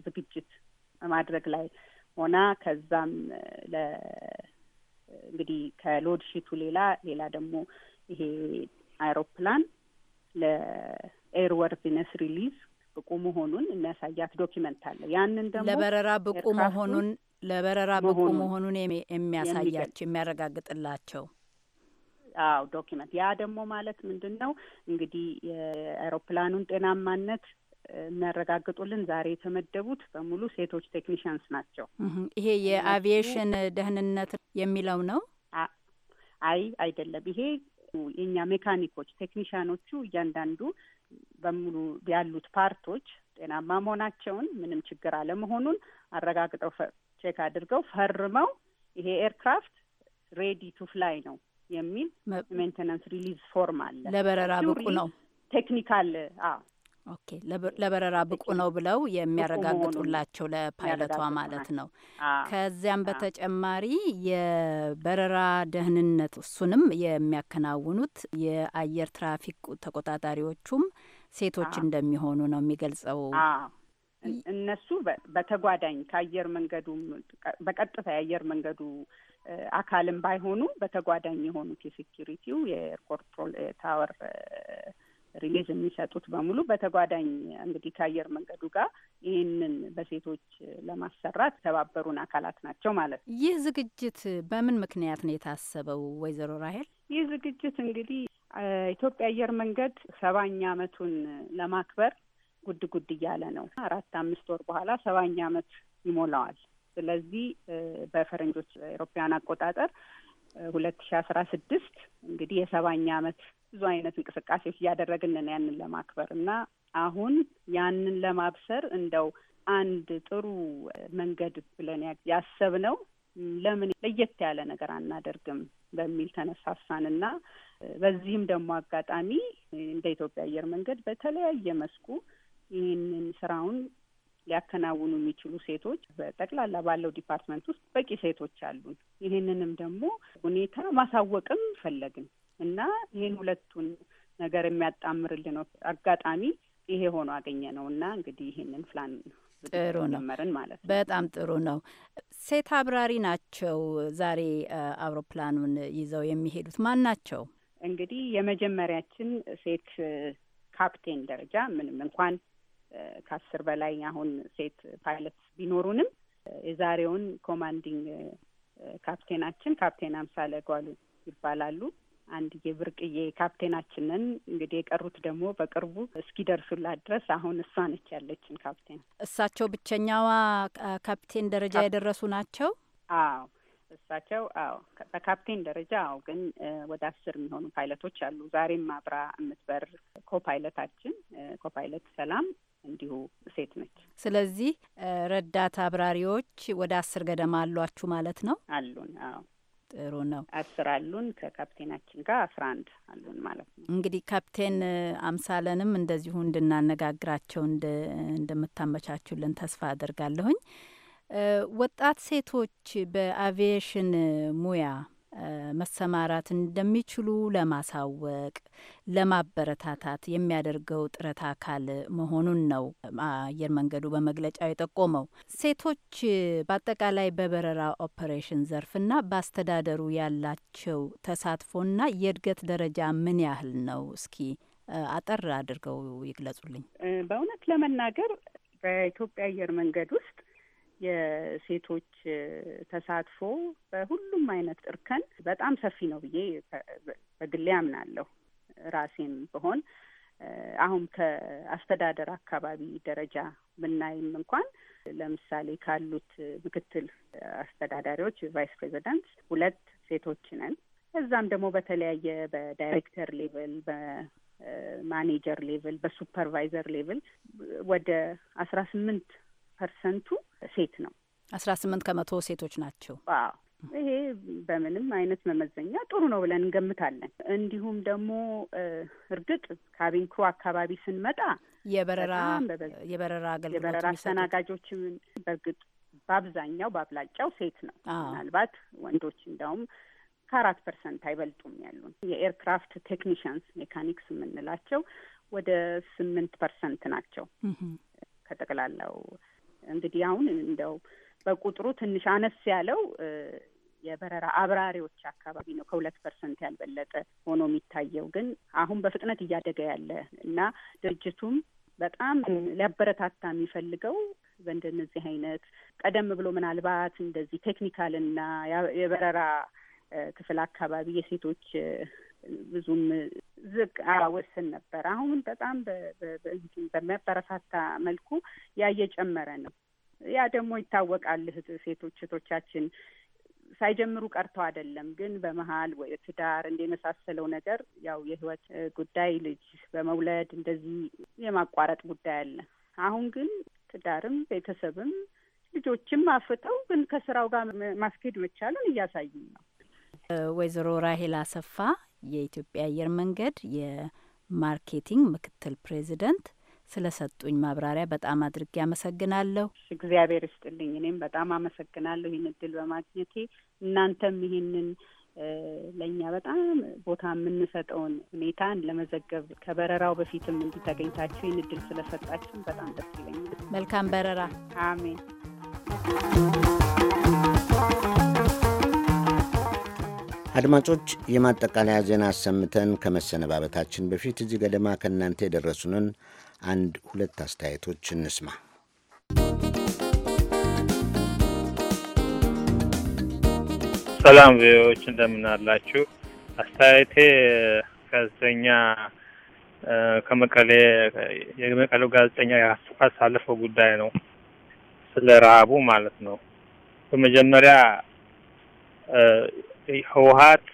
ዝግጅት በማድረግ ላይ ሆና ከዛም እንግዲህ ከሎድሺቱ ሌላ ሌላ ደግሞ ይሄ አይሮፕላን ለኤርወርዚነስ ሪሊዝ ብቁ መሆኑን የሚያሳያት ዶኪመንት አለ። ያንን ደግሞ ለበረራ ብቁ መሆኑን ለበረራ ብቁ መሆኑን የሚያሳያቸው የሚያረጋግጥላቸው አዎ ዶኪመንት። ያ ደግሞ ማለት ምንድን ነው እንግዲህ የአውሮፕላኑን ጤናማነት የሚያረጋግጡልን ዛሬ የተመደቡት በሙሉ ሴቶች ቴክኒሽያንስ ናቸው። ይሄ የአቪዬሽን ደህንነት የሚለው ነው። አይ አይደለም። ይሄ የእኛ ሜካኒኮች ቴክኒሽያኖቹ እያንዳንዱ በሙሉ ያሉት ፓርቶች ጤናማ መሆናቸውን ምንም ችግር አለመሆኑን አረጋግጠው ቼክ አድርገው ፈርመው ይሄ ኤርክራፍት ሬዲ ቱ ፍላይ ነው የሚል ሜንቴናንስ ሪሊዝ ፎርም አለ። ለበረራ ብቁ ነው ቴክኒካል ኦኬ፣ ለበረራ ብቁ ነው ብለው የሚያረጋግጡላቸው ለፓይለቷ ማለት ነው። ከዚያም በተጨማሪ የበረራ ደህንነት እሱንም የሚያከናውኑት የአየር ትራፊክ ተቆጣጣሪዎቹም ሴቶች እንደሚሆኑ ነው የሚገልጸው። እነሱ በተጓዳኝ ከአየር መንገዱ በቀጥታ የአየር መንገዱ አካልም ባይሆኑ በተጓዳኝ የሆኑት የሴኪሪቲው የኤርፖርት ታወር ሪሊዝ የሚሰጡት በሙሉ በተጓዳኝ እንግዲህ ከአየር መንገዱ ጋር ይህንን በሴቶች ለማሰራት የተባበሩን አካላት ናቸው ማለት ነው። ይህ ዝግጅት በምን ምክንያት ነው የታሰበው? ወይዘሮ ራሄል ይህ ዝግጅት እንግዲህ ኢትዮጵያ አየር መንገድ ሰባኛ ዓመቱን ለማክበር ጉድ ጉድ እያለ ነው። አራት አምስት ወር በኋላ ሰባኛ ዓመት ይሞላዋል። ስለዚህ በፈረንጆች ኤሮፓያን አቆጣጠር ሁለት ሺ አስራ ስድስት እንግዲህ የሰባኛ ዓመት ብዙ አይነት እንቅስቃሴዎች እያደረግንን ያንን ለማክበር እና አሁን ያንን ለማብሰር እንደው አንድ ጥሩ መንገድ ብለን ያሰብነው ለምን ለየት ያለ ነገር አናደርግም በሚል ተነሳሳንና በዚህም ደግሞ አጋጣሚ እንደ ኢትዮጵያ አየር መንገድ በተለያየ መስኩ ይህንን ስራውን ሊያከናውኑ የሚችሉ ሴቶች በጠቅላላ ባለው ዲፓርትመንት ውስጥ በቂ ሴቶች አሉን። ይህንንም ደግሞ ሁኔታ ማሳወቅም ፈለግን እና ይህን ሁለቱን ነገር የሚያጣምርልን አጋጣሚ ይሄ ሆኖ አገኘ ነው እና እንግዲህ ይህንን ፕላን ጥሩ ነው ማለት በጣም ጥሩ ነው። ሴት አብራሪ ናቸው ዛሬ አውሮፕላኑን ይዘው የሚሄዱት ማን ናቸው? እንግዲህ የመጀመሪያችን ሴት ካፕቴን ደረጃ ምንም እንኳን ከአስር በላይ አሁን ሴት ፓይለት ቢኖሩንም የዛሬውን ኮማንዲንግ ካፕቴናችን ካፕቴን አምሳለ ጓሉ ይባላሉ። አንድ የብርቅዬ ካፕቴናችንን እንግዲህ የቀሩት ደግሞ በቅርቡ እስኪደርሱላት ድረስ አሁን እሷ ነች ያለችን ካፕቴን። እሳቸው ብቸኛዋ ካፕቴን ደረጃ የደረሱ ናቸው። አዎ እሳቸው አዎ፣ በካፕቴን ደረጃ አዎ። ግን ወደ አስር የሚሆኑ ፓይለቶች አሉ። ዛሬም አብራ የምትበር ኮፓይለታችን ኮፓይለት ሰላም እንዲሁ ሴት ነች። ስለዚህ ረዳት አብራሪዎች ወደ አስር ገደማ አሏችሁ ማለት ነው? አሉን። አዎ ጥሩ ነው። አስር አሉን ከካፕቴናችን ጋር አስራ አንድ አሉን ማለት ነው። እንግዲህ ካፕቴን አምሳለንም እንደዚሁ እንድናነጋግራቸው እንደምታመቻቹልን ተስፋ አድርጋለሁኝ። ወጣት ሴቶች በአቪዬሽን ሙያ መሰማራት እንደሚችሉ ለማሳወቅ፣ ለማበረታታት የሚያደርገው ጥረት አካል መሆኑን ነው አየር መንገዱ በመግለጫው የጠቆመው። ሴቶች በአጠቃላይ በበረራ ኦፐሬሽን ዘርፍና በአስተዳደሩ ያላቸው ተሳትፎና የእድገት ደረጃ ምን ያህል ነው? እስኪ አጠር አድርገው ይግለጹልኝ። በእውነት ለመናገር በኢትዮጵያ አየር መንገድ ውስጥ የሴቶች ተሳትፎ በሁሉም አይነት እርከን በጣም ሰፊ ነው ብዬ በግሌ አምናለሁ። ራሴም ብሆን አሁን ከአስተዳደር አካባቢ ደረጃ ብናይም እንኳን ለምሳሌ ካሉት ምክትል አስተዳዳሪዎች ቫይስ ፕሬዚደንት ሁለት ሴቶች ነን። እዛም ደግሞ በተለያየ በዳይሬክተር ሌቭል በማኔጀር ሌቭል በሱፐርቫይዘር ሌቭል ወደ አስራ ስምንት ፐርሰንቱ ሴት ነው። አስራ ስምንት ከመቶ ሴቶች ናቸው። አዎ ይሄ በምንም አይነት መመዘኛ ጥሩ ነው ብለን እንገምታለን። እንዲሁም ደግሞ እርግጥ ካቢን ክሩ አካባቢ ስንመጣ የበረራ የበረራ አገልግሎት የበረራ አስተናጋጆችም በእርግጥ በአብዛኛው በአብላጫው ሴት ነው። ምናልባት ወንዶች እንዲያውም ከአራት ፐርሰንት አይበልጡም ያሉን። የኤርክራፍት ቴክኒሽያንስ ሜካኒክስ የምንላቸው ወደ ስምንት ፐርሰንት ናቸው ከጠቅላላው እንግዲህ አሁን እንደው በቁጥሩ ትንሽ አነስ ያለው የበረራ አብራሪዎች አካባቢ ነው ከሁለት ፐርሰንት ያልበለጠ ሆኖ የሚታየው ግን አሁን በፍጥነት እያደገ ያለ እና ድርጅቱም በጣም ሊያበረታታ የሚፈልገው በእንደነዚህ አይነት ቀደም ብሎ ምናልባት እንደዚህ ቴክኒካል እና የበረራ ክፍል አካባቢ የሴቶች ብዙም ዝቅ ወስን ነበር። አሁን በጣም በሚያበረታታ መልኩ ያ እየጨመረ ነው። ያ ደግሞ ይታወቃል። ሴቶች እህቶቻችን ሳይጀምሩ ቀርተው አይደለም፣ ግን በመሀል ወይ ትዳር እንደ የመሳሰለው ነገር ያው የህይወት ጉዳይ ልጅ በመውለድ እንደዚህ የማቋረጥ ጉዳይ አለ። አሁን ግን ትዳርም ቤተሰብም ልጆችም አፍተው ግን ከስራው ጋር ማስኬድ መቻልን እያሳዩን ነው። ወይዘሮ ራሄል አሰፋ የኢትዮጵያ አየር መንገድ የማርኬቲንግ ምክትል ፕሬዚደንት ስለሰጡኝ ማብራሪያ በጣም አድርጌ አመሰግናለሁ። እግዚአብሔር ይስጥልኝ። እኔም በጣም አመሰግናለሁ ይህን እድል በማግኘቴ እናንተም ይህንን ለእኛ በጣም ቦታ የምንሰጠውን ሁኔታን ለመዘገብ ከበረራው በፊትም እንዲተገኝታችሁ ይህን እድል ስለሰጣችሁ በጣም ደስ ይለኛል። መልካም በረራ። አሜን። አድማጮች የማጠቃለያ ዜና አሰምተን ከመሰነባበታችን በፊት እዚህ ገደማ ከእናንተ የደረሱንን አንድ ሁለት አስተያየቶች እንስማ። ሰላም ቪዎች እንደምናላችሁ። አስተያየቴ ጋዜጠኛ ከመቀሌ የመቀሌው ጋዜጠኛ ያሳለፈው ጉዳይ ነው፣ ስለ ረሃቡ ማለት ነው። በመጀመሪያ ህወሀት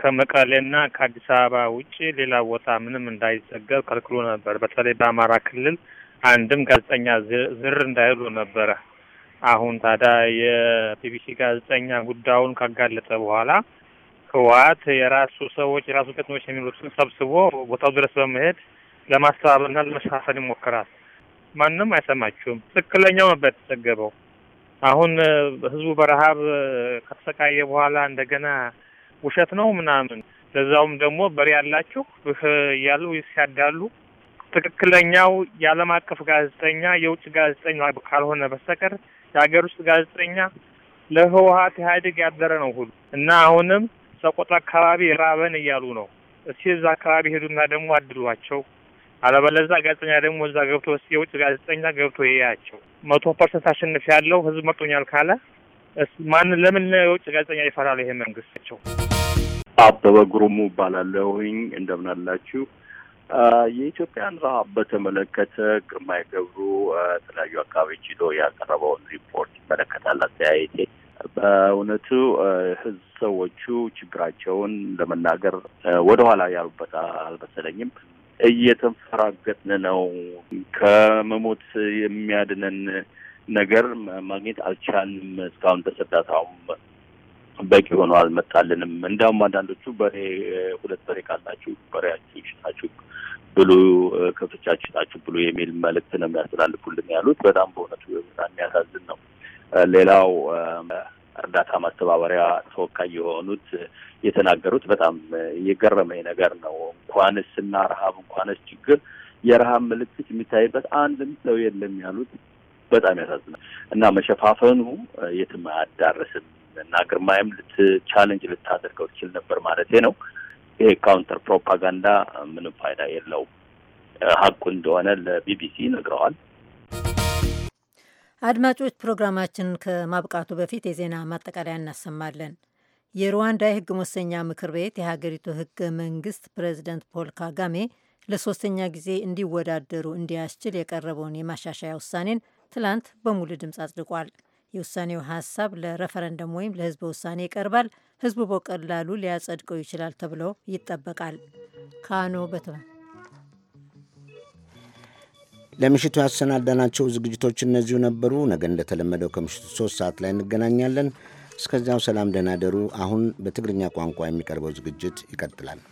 ከመቀሌና ከአዲስ አበባ ውጭ ሌላ ቦታ ምንም እንዳይዘገብ ከልክሎ ነበር። በተለይ በአማራ ክልል አንድም ጋዜጠኛ ዝር እንዳይሉ ነበረ። አሁን ታዲያ የቢቢሲ ጋዜጠኛ ጉዳዩን ካጋለጠ በኋላ ህወሀት የራሱ ሰዎች የራሱ ገጥሞች የሚሉትን ሰብስቦ ቦታው ድረስ በመሄድ ለማስተባበልና ለመሸፋፈን ይሞክራል። ማንም አይሰማችሁም፣ ትክክለኛው ነበር የተዘገበው አሁን ህዝቡ በረሀብ ከተሰቃየ በኋላ እንደገና ውሸት ነው ምናምን ለዛውም ደግሞ በሬ ያላችሁ እያሉ ሲያዳሉ ትክክለኛው የዓለም አቀፍ ጋዜጠኛ የውጭ ጋዜጠኛ ካልሆነ በስተቀር የሀገር ውስጥ ጋዜጠኛ ለህወሀት ኢህአዴግ ያደረ ነው ሁሉ እና አሁንም ሰቆጣ አካባቢ ራበን እያሉ ነው። እስኪ እዛ አካባቢ ሄዱና ደግሞ አድሏቸው አለበለዛ ጋዜጠኛ ደግሞ እዛ ገብቶ የውጭ ጋዜጠኛ ገብቶ ያያቸው መቶ ፐርሰንት አሸንፍ ያለው ህዝብ መርጦኛል ካለ ማን ለምን የውጭ ጋዜጠኛ ይፈራሉ? ይሄ መንግስት ናቸው። አበበ ጉሩሙ እባላለሁኝ። እንደምናላችሁ የኢትዮጵያን ረሀብ በተመለከተ ግርማ ገብሩ የተለያዩ አካባቢዎች ሂዶ ያቀረበውን ሪፖርት ይመለከታል። አስተያየቴ በእውነቱ ህዝብ ሰዎቹ ችግራቸውን ለመናገር ወደኋላ ያሉበት አልመሰለኝም። እየተንፈራገጥን ነው። ከመሞት የሚያድነን ነገር ማግኘት አልቻልንም። እስካሁን ተሰዳታውም በቂ ሆኖ አልመጣልንም። እንዲያውም አንዳንዶቹ በሬ ሁለት በሬ ካላችሁ በሬያችሁ ሽታችሁ ብሉ፣ ከብቶቻችሁ ሽጣችሁ ብሉ የሚል መልእክት ነው የሚያስተላልፉልን ያሉት። በጣም በእውነቱ በጣም የሚያሳዝን ነው። ሌላው እርዳታ ማስተባበሪያ ተወካይ የሆኑት የተናገሩት በጣም የገረመኝ ነገር ነው። እንኳንስ እና ረሀብ እንኳንስ ችግር የረሀብ ምልክት የሚታይበት አንድም ሰው የለም ያሉት በጣም ያሳዝናል እና መሸፋፈኑ የትም አያዳርስም እና ግርማይም ልት ቻለንጅ ልታደርገው ትችል ነበር ማለቴ ነው። ይሄ ካውንተር ፕሮፓጋንዳ ምንም ፋይዳ የለውም። ሀቁ እንደሆነ ለቢቢሲ ነግረዋል። አድማጮች ፕሮግራማችንን ከማብቃቱ በፊት የዜና ማጠቃለያ እናሰማለን። የሩዋንዳ የህግ መወሰኛ ምክር ቤት የሀገሪቱ ህገ መንግስት ፕሬዚደንት ፖል ካጋሜ ለሶስተኛ ጊዜ እንዲወዳደሩ እንዲያስችል የቀረበውን የማሻሻያ ውሳኔን ትላንት በሙሉ ድምፅ አጽድቋል። የውሳኔው ሀሳብ ለረፈረንደም ወይም ለህዝበ ውሳኔ ይቀርባል። ህዝቡ በቀላሉ ሊያጸድቀው ይችላል ተብሎ ይጠበቃል። ካኖ በተባ ለምሽቱ ያሰናዳናቸው ዝግጅቶች እነዚሁ ነበሩ። ነገ እንደተለመደው ከምሽቱ ሶስት ሰዓት ላይ እንገናኛለን። እስከዚያው ሰላም፣ ደህና ደሩ። አሁን በትግርኛ ቋንቋ የሚቀርበው ዝግጅት ይቀጥላል።